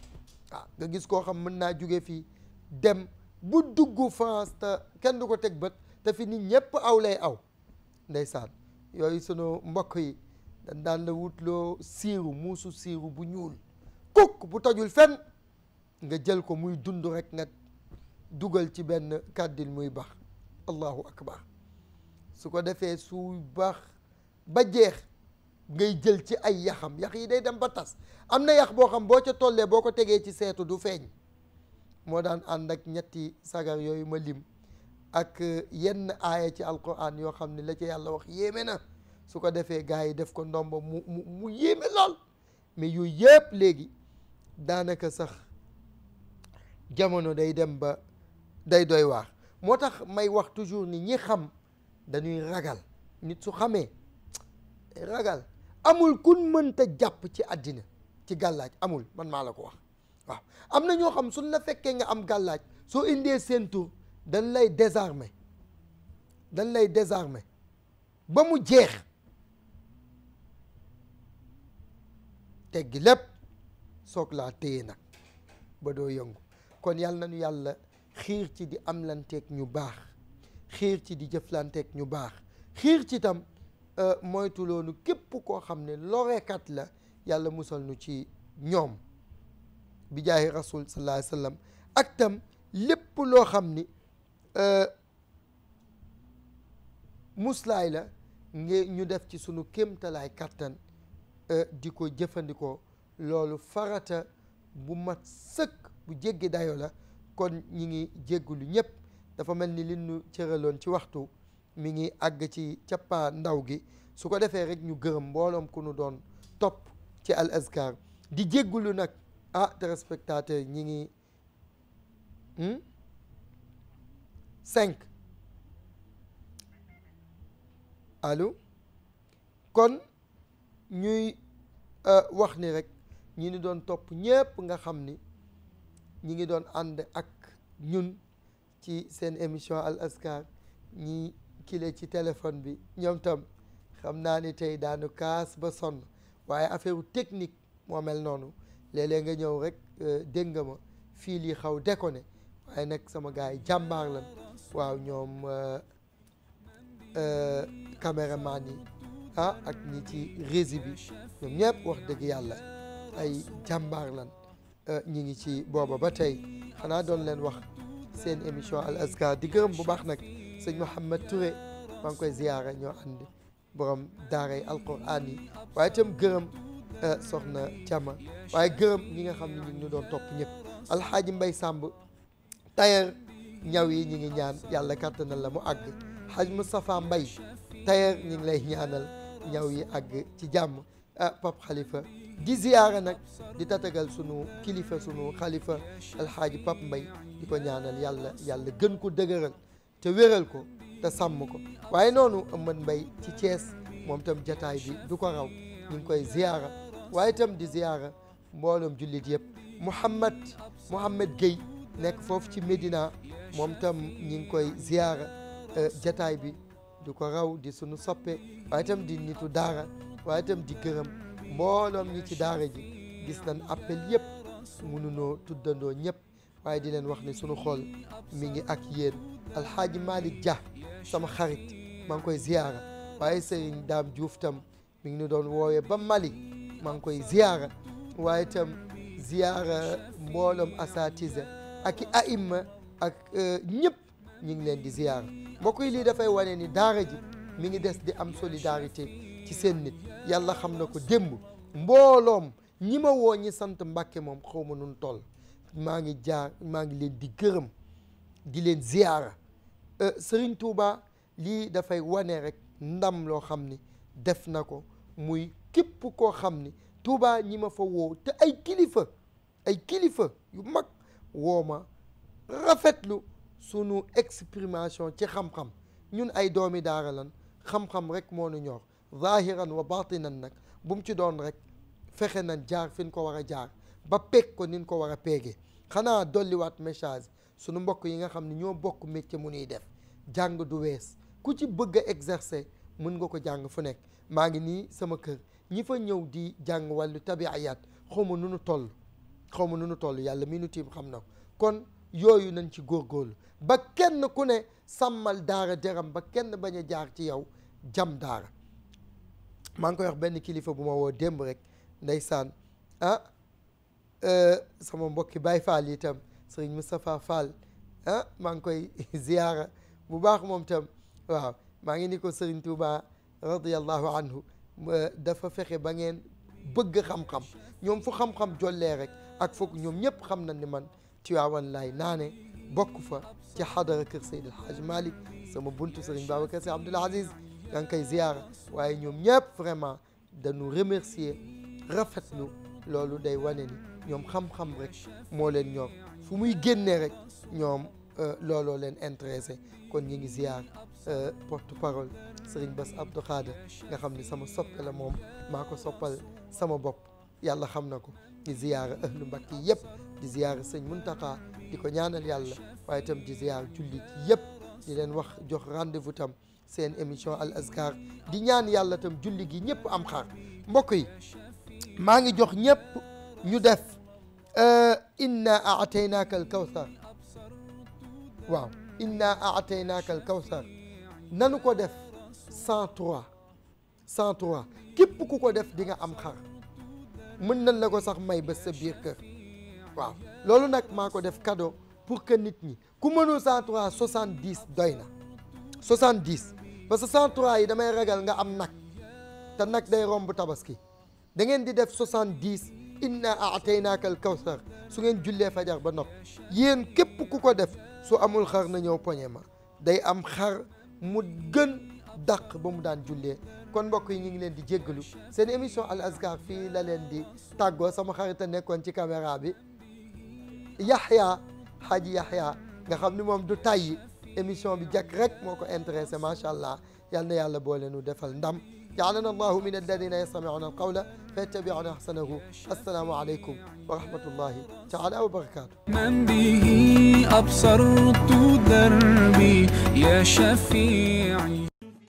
[SPEAKER 1] ah nga gis koo xam mën naa jóge fii dem bu dugg France te kenn du ko teg bët te fi nit ñëpp aw lay aw ndeysaan yooyu sunu mbokk yi dañ daan la wutloo siiru muusu siiru bu ñuul kukk bu tajul fenn nga jël ko muy dund rekk nga dugal ci benn kàddil muy baax allahu akbar su ko defee suy baax ba jeex ngay jël ci ay yaxam yax yi day dem ba tas am na yax boo xam boo ca tollee boo ko tegee ci seetu du feeñ moo daan ànd ak ñetti sagar yooyu ma lim ak eh, yenn aaya ci alquran yoo xam ne la ci yàlla wax yéeme na su ko defee gars yi def ko ndombo mu mu mu yéeme lool mais yooyu yëpp léegi daanaka sax jamono day dem ba day doy waar moo tax may wax toujours ni ñi xam dañuy ragal nit su xamee ragal amul kun mënta jàpp ci àddina ci gàllaaj amul man maa la ko wax waaw am na ñoo xam suñ la fekkee nga am gàllaaj soo indee seen tur dañ lay désarmer dañ lay désarmer ba mu jeex teggi lépp soog laa téye nag ba doo yëngu kon yàlla nañu yàlla xiir ci di amlanteeg ñu baax xiir ci di jëflanteeg ñu baax xiir ci tam euh, moytu képp koo xam ne lorekat la yàlla musal nu ci ñoom bi jaahi rasul sallallahu alayhi wa ak tam lépp loo xam ni muslaay la ngi ñu def ci sunu kéemtalaay kàttan e, di ko jëfandikoo loolu farata bu mat sëkk bu jéggi dayo la kon ñi ngi jéggulu ñëpp dafa mel ni li ñu cëraloon ci waxtu mi ngi àgg ci cappaa ndaw gi su ko defee rekk ñu gërëm mbooloom ku nu doon topp ci al azkar di jéggulu nag ah téléspectateur ñi ngi hmm? cinq allo kon ñuy euh, wax ni rek ñu ni doon topp ñépp nga xam ni ñi ngi doon ànd ak ñun ci seen émission al askar ñi kile ci téléphone bi ñoom tam xam naa ni tey daanu kaas ba sonn waaye affaire technique moo mel noonu léeg nga ñëw rek euh, dégg nga ma fii lii xaw déconné waaye nekk sama gars yi jàmbaar la waaw ñoom euh, euh, caméraman yi ah ak ñi ci régie ñoom ñëpp wax dëgg yàlla ay jàmbaar lan euh, ñi ngi ci booba ba tey xanaa doon leen wax seen émission al azkar di gërëm bu baax nag sëñ Mouhamed Touré maa ngi koy ziyaara ñoo ànd borom daaray alquran yi waaye itam gërëm soxna Thiama waaye gërëm ñi nga xam ne ñu ngi doon topp ñëpp alxaaji Mbay Sàmb tailleur ñaw yi ñi ngi ñaan yàlla kàttanal la mu àgg xaj Moustapha Mbay tayer ñu ngi lay ñaanal ñaw yi àgg ci jàmm ah Pape Khalifa di ziyaara nag di tatagal sunu kilifa sunu xalifa alxaaji Pape Mbay di ko ñaanal yàlla yàlla gën ko dëgëral te wéral ko te sàmm ko waaye noonu Amad Mbay ci Thiès moom itam jataay bi du ko raw ñu koy ziyaara waaye itam di ziyaara mbooloom jullit yëpp Mouhamed Mouhamed Gueye nekk foofu ci Médina moom tam ñi ngi koy ziyaara euh, jataay bi du ko raw di sunu soppe waaye itam di nitu daara waaye itam di gërëm mbooloom ñi ci daara ji gis nañ appel yëpp mënunoo tuddandoo ñëpp waaye di leen wax ni sunu xool mi ngi ak yéen alxaaji Malick Dia sama xarit maa ngi koy ziyaara waaye Serigne Dame Diouf tam mi ngi ñu doon woowee ba malik maa ngi koy ziyaara waaye itam ziyaara euh, mbooloom asatise ak i aïma ak euh, ñëpp ñu ngi leen di ziyaar mbokk yi lii dafay wane ni daara ji mi ngi des di am solidarité ci seen nit yàlla xam na ko démb mbooloom ñi ma woo ñi sant Mbàkke moom xaw ma nun toll maa ngi jaar maa ngi leen di gërëm di leen ziyaara euh, Sëriñ Tuuba lii dafay wane rek ndam loo xam ni def na ko muy képp koo xam ni Tuuba ñi ma fa woo te ay kilifa ay kilifa yu mag wooma rafetlu sunu exprimation ci xam-xam ñun ay doomi daara lan xam-xam rek moo nu ñor zahiran wa batinan nag bu mu ci doon rek fexe nañ jaar fi ñu ko war a jaar ba peeg ko ni ko war a peegee xanaa dolliwaat message sunu mbokk yi nga xam ni ñoo bokk métier mu nuy def jàng du wees ku ci bëgg a exercer mën nga ko jàng fu nekk maa ngi nii sama kër ñi fa ñëw di jàng wàllu tabiayat xaw ma nu nu toll xaw ma nu nu toll yàlla mi nu tiim xam na kon yooyu nañ ci góorgóorlu ba kenn ku ne sàmmal daara deram ba kenn bañ a jaar ci yow jam daara maa ngi koy wax benn kilifa bu ma woo démb rek ndeysaan ah euh, sama mbokki baay Fall itam sëriñ Moustapha Fall ah maa ngi koy ziyaara bu baax moom tam waaw maa ngi ni ko sëriñ Touba radiallahu anhu euh, dafa fexe ba ngeen bëgg xam-xam ñoom fu xam-xam jollee rek ak foog ñoom ñëpp xam na ni man Tiwaawan laay naane bokk fa ci xadara kër Seydi El Hadj Malick sama buntu Serigne Babacar Sy Abdoul Aziz yaa ngi koy ziyaara waaye ñoom ñëpp vraiment dañu remercier rafetlu loolu day wane ni ñoom xam-xam rek moo leen ñor fu muy génnee rek ñoom looloo leen intéressé kon ñu ngi ziyaar porte parole Serigne Bass Abdou Khader nga xam ni sama soppe la moom maa ko soppal sama bopp yàlla xam na ko ñu ziyaara ahlu Mbàkke yëpp di ziyaar sëñ Muntaxa di ko ñaanal yàlla waaye itam di ziyaar jullit yëpp di leen wax jox rendez-vous tam seen émission al azkar di ñaan yàlla tam julli gi ñëpp am xar mbokk yi maa ngi jox ñëpp ñu def euh, inna aataynaaka al kawsar waaw inna aataynaaka al kawsar nanu ko def 103 103 képp ku ko def di nga am xaar mën nañ la ko sax may ba sa biir waaw loolu nag maa ko def cadeau pour que nit ñi ku mënul 103 70 doy na 70 parce que 103 yi damay ragal nga am nag te nag day romb tabaski da ngeen di def 70 inna aataynaaka al kawsar su ngeen jullee fajar ba nopp yéen képp ku ko def su amul xar na ñëw poñe ma day am xar mu gën dàq ba mu daan jullee kon mbokk yi ñu ngi leen di jéggalu seen émission al azkar fii la leen di tàggoo sama xarita nekkoon ci caméra bi Yaxya Haji Yaxya nga xam ni moom du tàyyi émission bi jàkk rek moo ko intéressé macha allah yal na yàlla boole nu defal ndam jaalana allahu min alladina yastamiuna alqawla fayattabiuna ahsanahu assalaamu aleykum wa rahmatullahi taala wa barakatu man bihi absartu darbi ya shafi'i